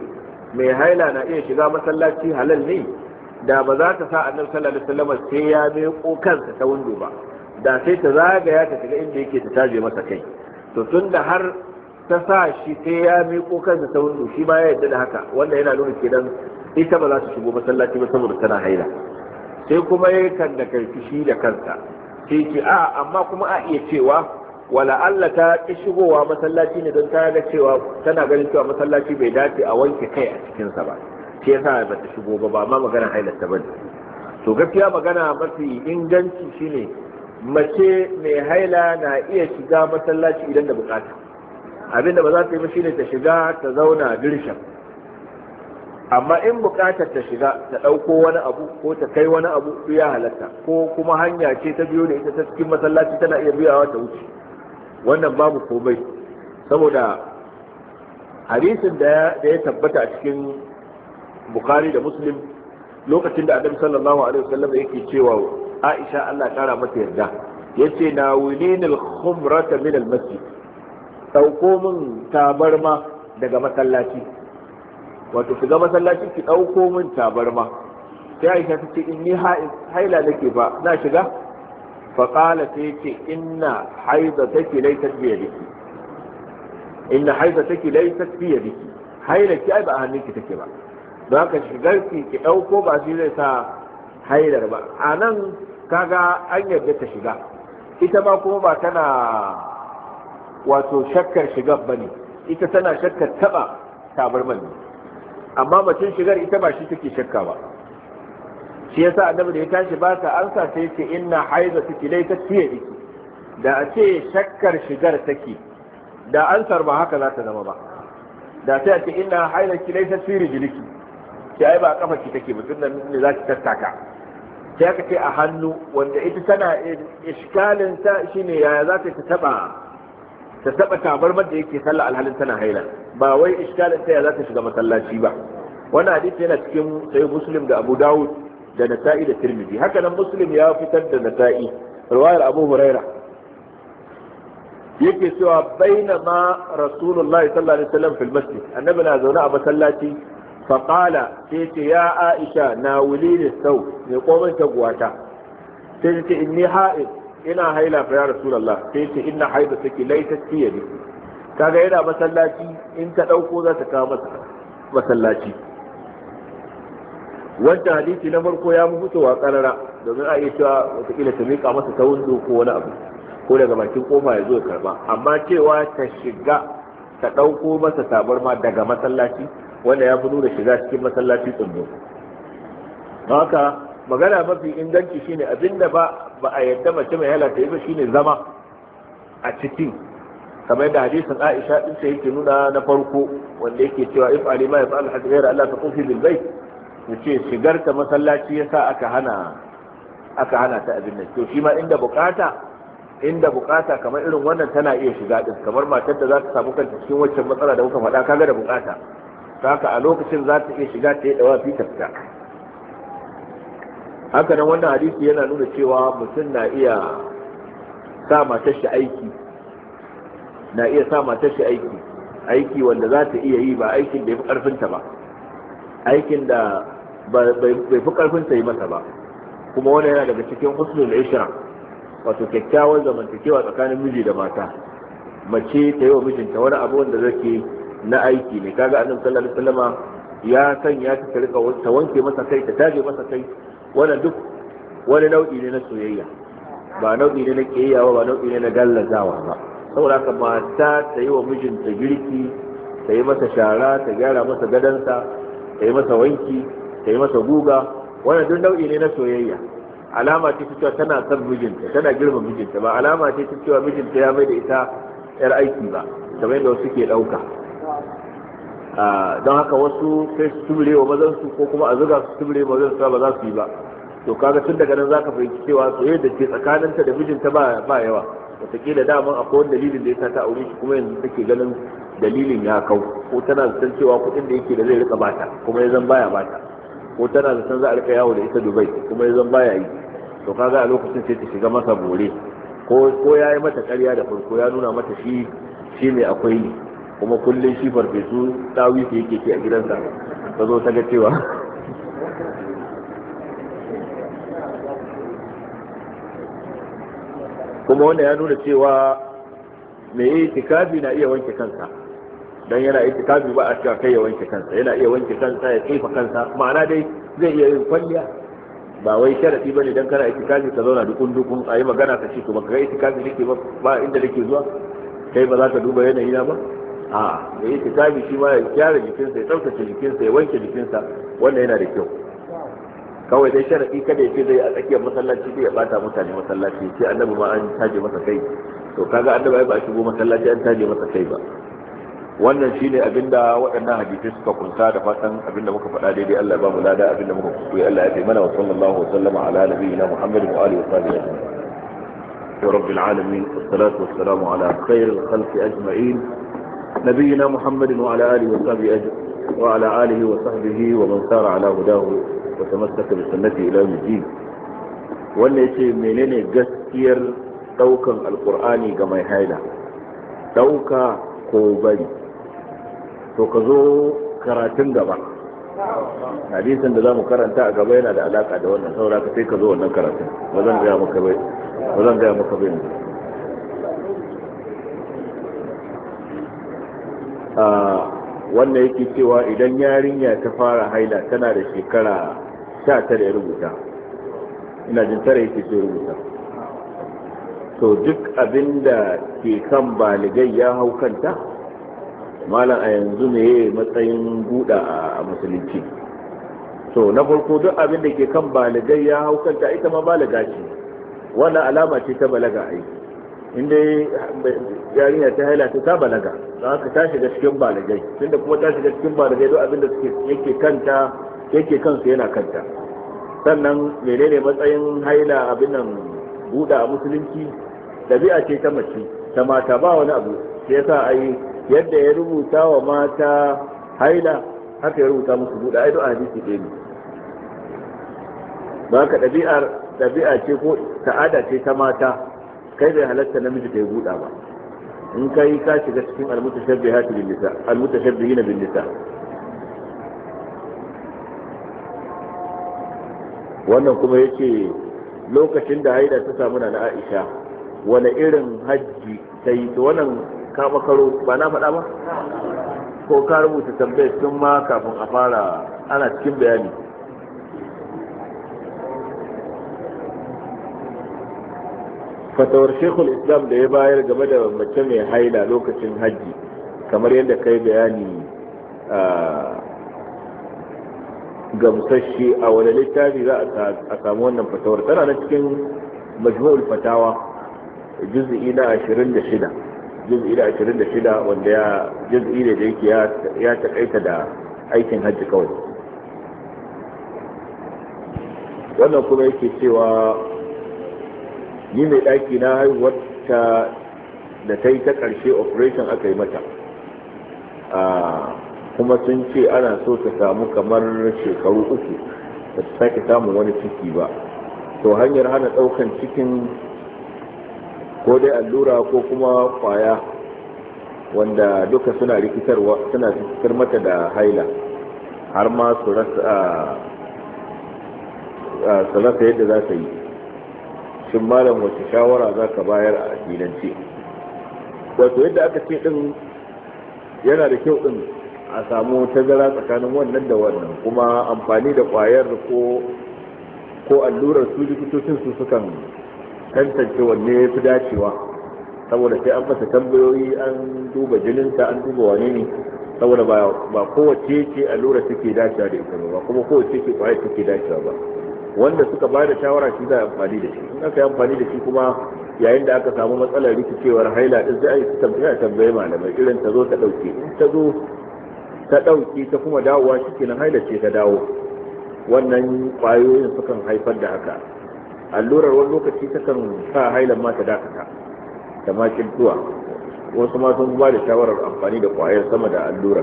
mai haila na iya shiga masallaci halal ne da ba za ta sa annabi sallallahu alaihi wasallam sai ya miƙo kansa ta windo ba da sai ta zagaya ta shiga inda yake ta taje masa kai to tunda har ta sa shi sai ya miƙo kansa ta windo shi ba ya yarda da haka wanda yana nuna kenan ita ba za ta shigo masallaci ba saboda tana haila sai kuma ya kan da karfi shi da kansa sai ce a amma kuma a iya cewa wala Allah ta ki shigowa masallaci ne don ta ga cewa tana ganin cewa masallaci bai dace a wanke kai a cikinsa ba shi yasa ba ta shigo ba ba ma magana hailata ba to gaskiya magana mafi inganci shine mace mai haila na iya shiga masallaci idan da bukata abinda ba za ta yi ba shine ta shiga ta zauna girshen amma in bukatar ta shiga ta ɗauko wani abu ko ta kai wani abu ya halatta ko kuma hanya ce ta biyo ne ita ta cikin masallaci tana iya biyawa ta wuce wannan babu komai saboda hadisin da ya tabbata a cikin bukhari da muslim lokacin da adam sallallahu alaihi wasallam yake cewa aisha Allah kara mata yarda yace na wilinil khumrata min al masjid dauko min tabarma daga masallaci wato shiga masallaci ki dauko min tabarma sai aisha ta ce in ni haila nake ba na shiga fa qala sai ce inna haidataki laysat bi yadiki inna haidataki laysat bi yadiki haila ki ai ba hannunki take ba don ka shigar ki ki ɗauko ba shi zai sa haidar ba a nan kaga an yarda ta shiga ita ba kuma ba tana wato shakkar shigar ba ne ita tana shakkar taɓa tabarman ne amma mutum shigar ita ba shi take shakka ba shi yasa annabi da ya tashi ba ta ansa sai ce inna haiza take dai ta tiye iki da a ce shakkar shigar take da ansar ba haka za ta zama ba da sai a ce inna haiza ki dai ta tsiri jiliki sai ba ba kafa ki take ba da ne za ki tattaka sai aka ce a hannu wanda ita tana iskalin ta shine yaya za ta taba ta taba tabarmar da yake sallah alhalin tana haila ba wai iskalin ta ya za ta shiga masallaci ba wannan hadisi yana cikin sai muslim da abu dawud da nasa'i da tirmidhi haka nan muslim ya fitar da nasa'i riwayar abu huraira yake cewa bainama rasulullahi sallallahu alaihi wasallam fil masjid annabi na zaune a masallaci faƙala sai ce ya aisha na wuli da sau mai komai ta guwata sai ce inni ha'in ina haila fa ya rasulullah sai ce ina haida take laita tiya ne kaga yana masallaci in ta ɗauko za ta kawo masa masallaci wanda hadisi na farko ya mu fitowa karara domin a iya cewa watakila ta miƙa masa ta wundo ko wani abu ko daga bakin kofa ya zo karba amma cewa ta shiga ta ɗauko masa tabarma daga masallaci wanda ya fi nuna shiga cikin masallaci tsumbo haka magana mafi inganci shine abinda ba ba a yadda mace mai halatta yi ba shine zama a cikin kamar da hadisin Aisha din ta yake nuna na farko wanda yake cewa if ali ma yafal hadira Allah ta kufi bil bait yace shigar ta masallaci yasa aka hana aka hana ta abin nan to shi ma inda bukata inda bukata kamar irin wannan tana iya shiga din kamar matar da za ta samu kanta cikin waccan matsala da muka faɗa kaga da bukata haka a lokacin za ta iya shiga ta yi dawa fi tafiya haka nan wannan hadisi yana nuna cewa mutum na iya sa matar shi aiki na iya sa matar shi aiki aiki wanda za ta iya yi ba aikin da ya fi karfinta ba aikin da bai fi karfinta yi masa ba kuma wani yana daga cikin husnul ishra wato kyakkyawan zamantakewa tsakanin miji da mata mace ta yi wa mijinta wani abu wanda zai na aiki ne kaga annabi sallallahu alaihi wasallama ya sanya ta rika ta wanke masa kai ta taje masa kai wannan duk wani nau'i ne na soyayya ba nau'i ne na kiyayewa ba nau'i ne na gallazawa ba saboda haka mata ta yi wa mijinta girki ta yi masa shara ta gyara masa gadansa ta yi masa wanki ta yi masa guga wannan duk nau'i ne na soyayya alama ce ta cewa tana son mijinta tana girma mijinta ba alama ce ta cewa mijinta ya mai da ita yar aiki ba kamar yadda wasu ke ɗauka Ah, don haka wasu sai su tumure wa mazan su ko kuma a zuga su tumure wa mazan su ba za su yi ba to kaga tun daga nan zaka fahimci cewa to da ke tsakaninta da mijinta ba ba yawa wataƙila daman akwai wani dalilin da ya sa ta aure shi kuma yanzu take ganin dalilin ya kau ko tana zaton cewa kuɗin da yake da zai rika bata kuma ya zan baya bata ko tana zaton za a rika yawo da ita dubai kuma ya zan baya yi to kaga a lokacin sai ta shiga masa bore ko ya yi mata karya da farko ya nuna mata shi shi mai akwai ne kuma kullum shi farfesu tawi su yake ke a gidansa ta zo ta ga cewa kuma wanda ya nuna cewa mai itikafi na iya wanke kansa don yana itikafi ba a cewa kai ya wanke kansa yana iya wanke kansa ya tsefa kansa ma'ana dai zai iya yin kwalliya ba wai ba ne don kana itikafi ka zauna dukun dukun a yi magana ka ce to baka ga itikafi nake ba ba inda nake zuwa kai ba za ka duba yanayi na ba a ya yi tikafi shi ma ya gyara jikinsa ya tsaftace jikinsa ya wanke jikinsa wannan yana da kyau kawai dai sharaɗi kada ya ce zai a tsakiyar masallaci zai ya bata mutane masallaci sai annabi ma an taje masa kai to kaga annabi ba a shigo masallaci an taje masa kai ba wannan shine abinda waɗannan hadisi suka kunsa da fatan abinda muka faɗa daidai Allah ba mu lada abinda muka kuskure Allah ya taimana wa sallallahu wa sallama ala nabiyyina Muhammadin wa alihi wa sahbihi ajma'in rabbil alamin wassalatu wassalamu ala khairil khalqi ajma'in نبينا محمد وعلى آله وصحبه أجل وعلى آله وصحبه ومن سار على هداه وتمسك بسنته إلى الدين wanda ya ce menene gaskiyar daukan alkur'ani ga mai haila dauka ko bari to ka zo karatun gaba hadisin da za mu karanta a gaba yana da alaka da wannan saboda ka sai ka zo wannan karatun ba zan gaya maka bai wannan yake cewa idan yarinya ta fara haila tana da shekara 19 ya rubuta ina jin tara yake ce rubuta to duk abinda ke kan baligai ya hau kanta malam a yanzu ne matsayin guda a musulunci to na farko duk abinda ke kan baligai ya hau kanta ita ma balaga ce wannan alama ce ta balaga aiki inda yarinya ta haila ta balaga za ka ta shiga cikin balagai tunda kuma ta shiga cikin balagai duk abin da yake kanta yake kansu yana kanta sannan menene matsayin haila abin nan buɗa a musulunci ɗabi'a ce ta mace ta mata ba wani abu sai yasa yi yadda ya rubuta wa mata haila haka ya rubuta musu buɗa ai duk hadisi ɗaya ne ba ka ɗabi'ar ɗabi'a ce ko ta'ada ce ta mata kai bai halatta namiji yi buɗa ba in kai ka shiga cikin almutashabbihati bil nisa na nisa wannan kuma yace lokacin da haida ta samu na Aisha wani irin hajji sai to wannan ka karo ba na faɗa ba ko ka rubuta tambayar tun ma kafin a fara ana cikin bayani fatawar shekul islam da ya bayar game da mace mai haila lokacin hajji kamar yadda kai bayani gamsashe a wani littafi za a samu wannan fatawar tana na cikin majmu'ul fatawa juz'i na 26 juz'i na 26 wanda ya juz'i ne da yake ya takaita da aikin hajji kawai wannan kuma yake cewa ni mai ɗaki na haihuwar ta da ta yi ta ƙarshe operation aka yi mata kuma sun ce ana so ta samu kamar shekaru uku da ta sake samun wani ciki ba to hanyar hana ɗaukan cikin ko dai allura ko kuma kwaya wanda duka suna rikitarwa suna rikitar mata da haila har ma su rasa yadda za ta yi cikin malam wace shawara za ka bayar a addinance wato yadda aka ce din yana da kyau din a samu tazara tsakanin wannan da wannan kuma amfani da kwayar ko ko allurar su likitocin su sukan tantance wanne ya fi dacewa saboda sai an fasa tambayoyi an duba jininta an duba wane ne saboda ba kowace ce allura take dacewa da ita ba kuma kowace ce kwayar take dacewa ba wanda suka ba da shawara shi za a amfani da shi in aka yi amfani da shi kuma yayin da aka samu matsalar rikicewar haila din za a tambaye a tambaye malamai irin ta zo ta dauke in ta zo ta dauke ta kuma dawowa kenan haila ce ta dawo wannan kwayoyin sukan haifar da haka allurar wani lokaci takan sa hailan ma ta dakata ta makin tuwa wasu ma sun ba da shawarar amfani da kwayar sama da allurar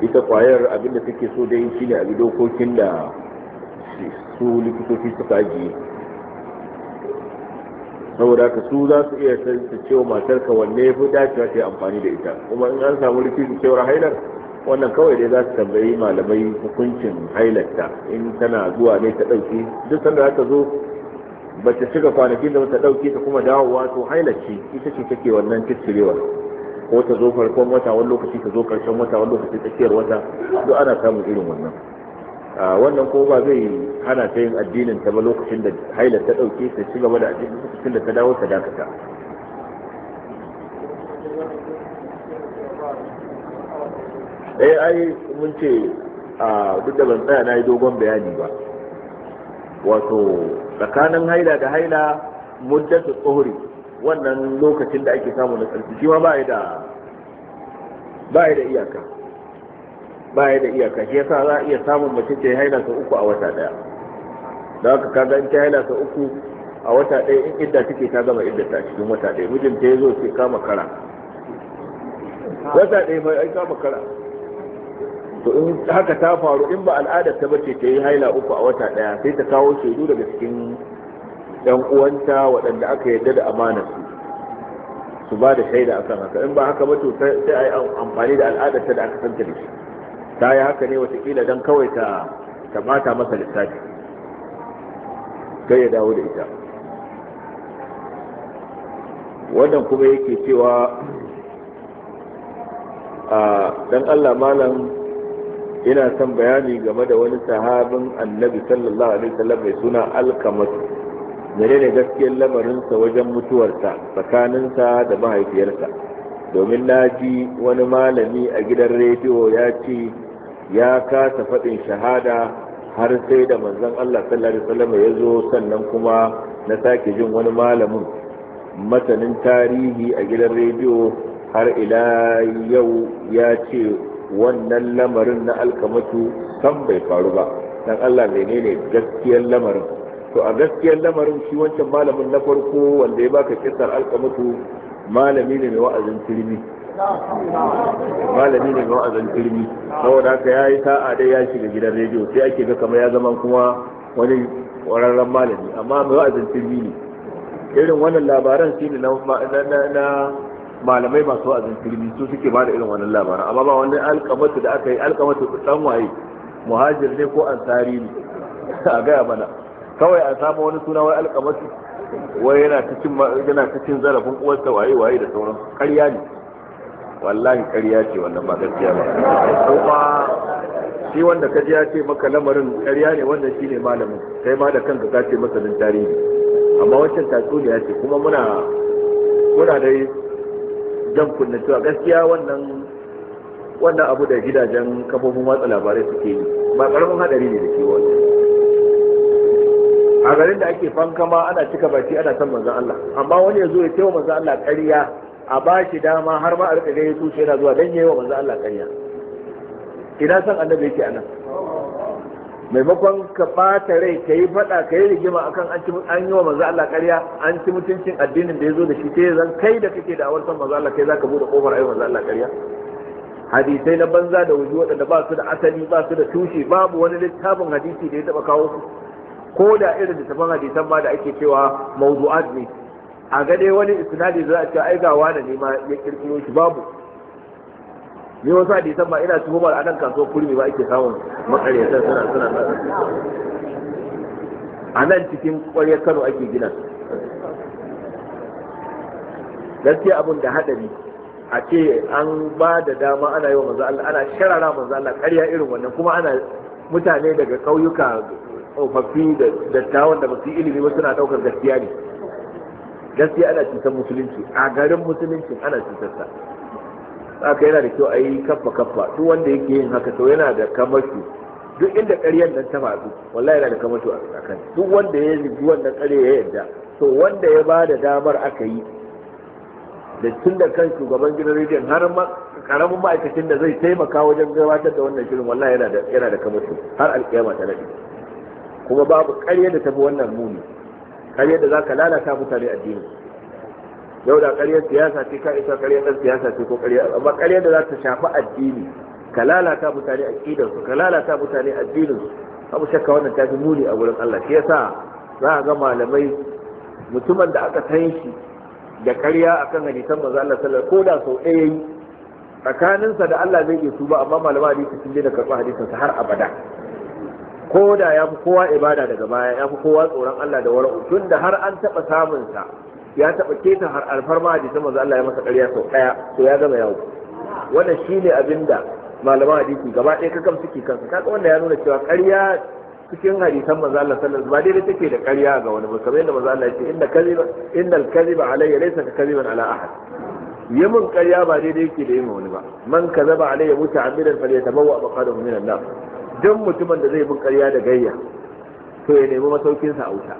ita kwayar abinda take so dai shine a bi dokokin da ce su likitoci suka ajiye saboda ka su za su iya san su cewa matarka wanne ya fi dacewa ta amfani da ita kuma in an samu rikici cewar hailar wannan kawai dai za su tambayi malamai hukuncin hailarta in tana zuwa ne ta ɗauki duk sanda za ta zo ba ta shiga kwanakin da ta ɗauki ta kuma dawowa to hailarci ita ce take wannan ciccirewa ko ta zo farkon wata wani lokaci ta zo ƙarshen wata wani lokaci tsakiyar wata duk ana samun irin wannan wannan ko ba zai hana ta yin addinin ta ba lokacin da haila ta dauke ta ci gaba da addinin lokacin da ta dawo ta dakata eh ai mun ce a duk da ban tsaya na yi dogon bayani ba wato tsakanin haila da haila muddatu tsohuri wannan lokacin da ake samu na tsarki shi ma ba da ba da iyaka baya da iyaka shi yasa za a iya samun mace ta haila sau uku a wata daya da haka kaga in ta haila sau uku a wata daya in idda take ta gama idda ta cikin wata daya mijin ta yazo sai kama kara wata daya mai ai kama kara to in haka ta faru in ba al'adar ta bace ta yi haila uku a wata daya sai ta kawo shaidu daga cikin yan uwanta waɗanda aka yarda da amanar su su ba da shaida akan haka in ba haka ba to sai a yi amfani da al'adar ta da aka ta da shi ta yi haka ne watakila don kawai ta kamata masa lissafi gaya ya dawo da ita wannan kuma yake cewa a dan Allah malam ina son bayani game da wani sahabin annabi sallallahu alaihi wasallam mai suna alkamas menene gaskiyar lamarinsa wajen mutuwarsa tsakaninsa da mahaifiyarsa domin na ji wani malami a gidan rediyo ya ce ya kasa faɗin shahada har sai da manzon Allah sallallahu alaihi wasallam ya zo sannan kuma na sake jin wani malamin masanin tarihi a gidan rediyo har ila yau ya ce wannan lamarin na alkamatu kan bai faru ba dan Allah menene gaskiyar lamarin to a gaskiyar lamarin shi wancan malamin na farko wanda ya baka kisar alkamatu malami ne mai wa'azin turmi malami ne ga wa'azin turmi saboda haka ya yi sa'a dai ya shiga gidan rediyo sai ake ga kamar ya zama kuma wani ƙwararren malami amma mai wa'azin turmi ne irin wannan labaran shi ne na malamai masu wa'azin turmi su suke ba da irin wannan labaran amma ba wani alkamatu da aka yi alkamatu dan waye muhajir ne ko ansari ne a gaya mana kawai a samu wani suna wai alkamatu wai yana ta cin zarafin uwarsa waye waye da sauran ƙarya ne wallahi ƙarya ce wannan ba gaskiya ba kuma shi wanda ka ji ya ce maka lamarin ƙarya ne wannan shine malamin kai ma da kanka ka ce nan tarihi amma wancan tatsuniya ce kuma muna muna da jan kunna cewa gaskiya wannan wannan abu da gidajen kafofin watsa labarai suke yi ba karamin hadari ne da ke wannan a garin da ake fankama ana cika baki ana san manzan Allah amma wani ya zo ya ce wa manzon Allah ƙarya a ba shi dama har ma a rika gaya su yana zuwa dan yayi wa manzo Allah kariya. ina san annabi yake anan maimakon ka bata rai ka yi fada ka yi rigima akan an an yi wa manzo Allah kariya an ci mutuncin addinin da ya zo da shi sai zan kai da kake da awar san manzo Allah kai zaka bude kofar ayi manzo Allah kariya. hadisai na banza da wuji wadanda ba su da asali ba su da tushe babu wani littafin hadisi da ya taba kawo su ko da irin littafin hadisan ma da ake cewa mawdu'at ne a gane wani isnadi da za a ce ai ga wani ne ma ya kirkiro shi babu ni da hadisan ba ina tuhumar a nan kaso kurmi ba ake samun makaryatar suna suna a nan cikin ƙwaryar kano ake gina gaskiya abin da haɗari a ce an ba da dama ana yi wa manzo Allah ana sharara manzo Allah ƙarya irin wannan kuma ana mutane daga ƙauyuka tsofaffi da dattawan da ba su ilimi ba suna ɗaukar gaskiya ne gaskiya ana cutar musulunci a garin musulunci ana cutar sa haka yana da kyau a yi kaffa kaffa duk wanda yake yin haka to yana da kamar su. duk inda ƙaryar nan ta faru wallahi yana da kamar su a kan duk wanda ya yi wannan ƙarya ya yarda to wanda ya ba da damar aka yi da tun da kan shugaban gidan rediyon har karamin ma'aikacin da zai taimaka wajen gabatar da wannan shirin wallahi yana da kamar su. har alƙiyama ta nadi kuma babu ƙarya da tafi wannan muni ƙarya da za ka lalata mutane addini yau da ƙaryar siyasa ce ka isa ƙaryar ɗan siyasa ce ko ƙaryar amma ƙaryar da za ta shafi addini ka lalata mutane aƙidarsu ka lalata mutane addininsu abu shakka wannan ta fi muni a wurin Allah shi yasa za a ga malamai mutumin da aka san shi da ƙarya akan hadisan manzo Allah sallallahu alaihi wasallam ko da sau ɗaya yi tsakaninsa da Allah zai iya tuba amma malama hadisi sun je da karɓar hadisinsa har abada ko da ya fi kowa ibada daga baya ya fi kowa tsoron Allah da wara'u tun da har an taɓa samun sa ya taɓa keta har alfarma hadisi manzo Allah ya masa ƙarya sau ɗaya to ya gama yawo wannan shine abin da malaman hadisi gaba ɗaya kakam suke kansa kaga wanda ya nuna cewa ƙarya cikin hadisan manzo Allah sallallahu alaihi wasallam ba daidai take da ƙarya ga wani musamman yadda manzo Allah ya ce inna kadhiba innal kadhiba alayya laysa ka kadhiban ala ahad yamin ƙarya ba dai daidai yake da yin wani ba man kadhaba alayya muta'ammidan falyatabawwa maqadahu minan nar duk mutumin da zai bin ƙarya da gayya to ya nemi masaukinsa a wuta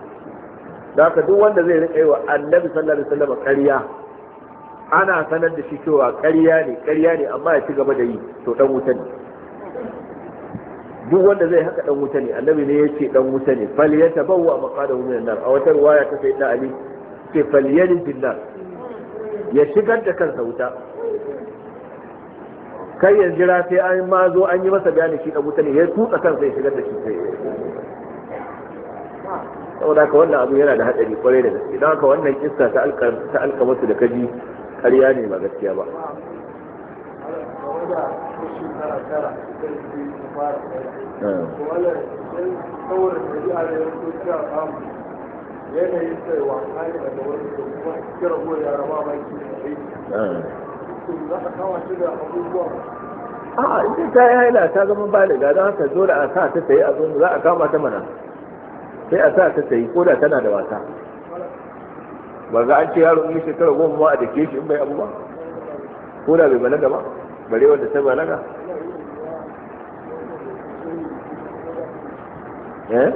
da haka duk wanda zai riƙa yi wa annabi sallallahu alaihi wasallam ƙarya ana sanar da shi cewa ƙarya ne ƙarya ne amma ya ci gaba da yi to dan wuta ne duk wanda zai haka dan wuta ne annabi ne yace dan wuta ne fal yatabawwa maqadahu an nar a wata riwaya ta sayyidina ali ce fal yalid billah ya shigar da kansa wuta kai ya jira sai an ma zo an yi masa bayani shi da mutane ya tutsa kansa ya shigar da shi sai saboda ka wannan abu yana da hadari kwarai da gaske don ka wannan iska ta alka musu da kaji karya ne ba gaskiya ba yanayin sai wa hali daga wani da kuma kira goya rama mai aiki a'a in ta yi haila ta zama baliga don haka dole a sa ta a zo za a kama ta mana sai a sa ta sayi ko da tana da wata ba za an ce yaro ne shekara goma ma a dake shi in bai abu ba ko da bai balaga ba bare wanda ta balaga eh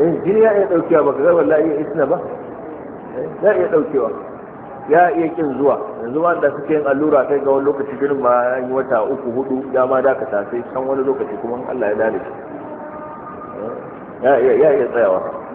in eh, jini ya iya ɗaukewa baka ga wallahi ya isna ba za eh, iya ɗaukewa, ya iya kin zuwa yanzu da suke yin allura kai ga wani lokaci jinin ba ya yi wata uku hudu ya ma ka sai can wani lokaci kuma Allah ya dade eh, ya iya tsayawa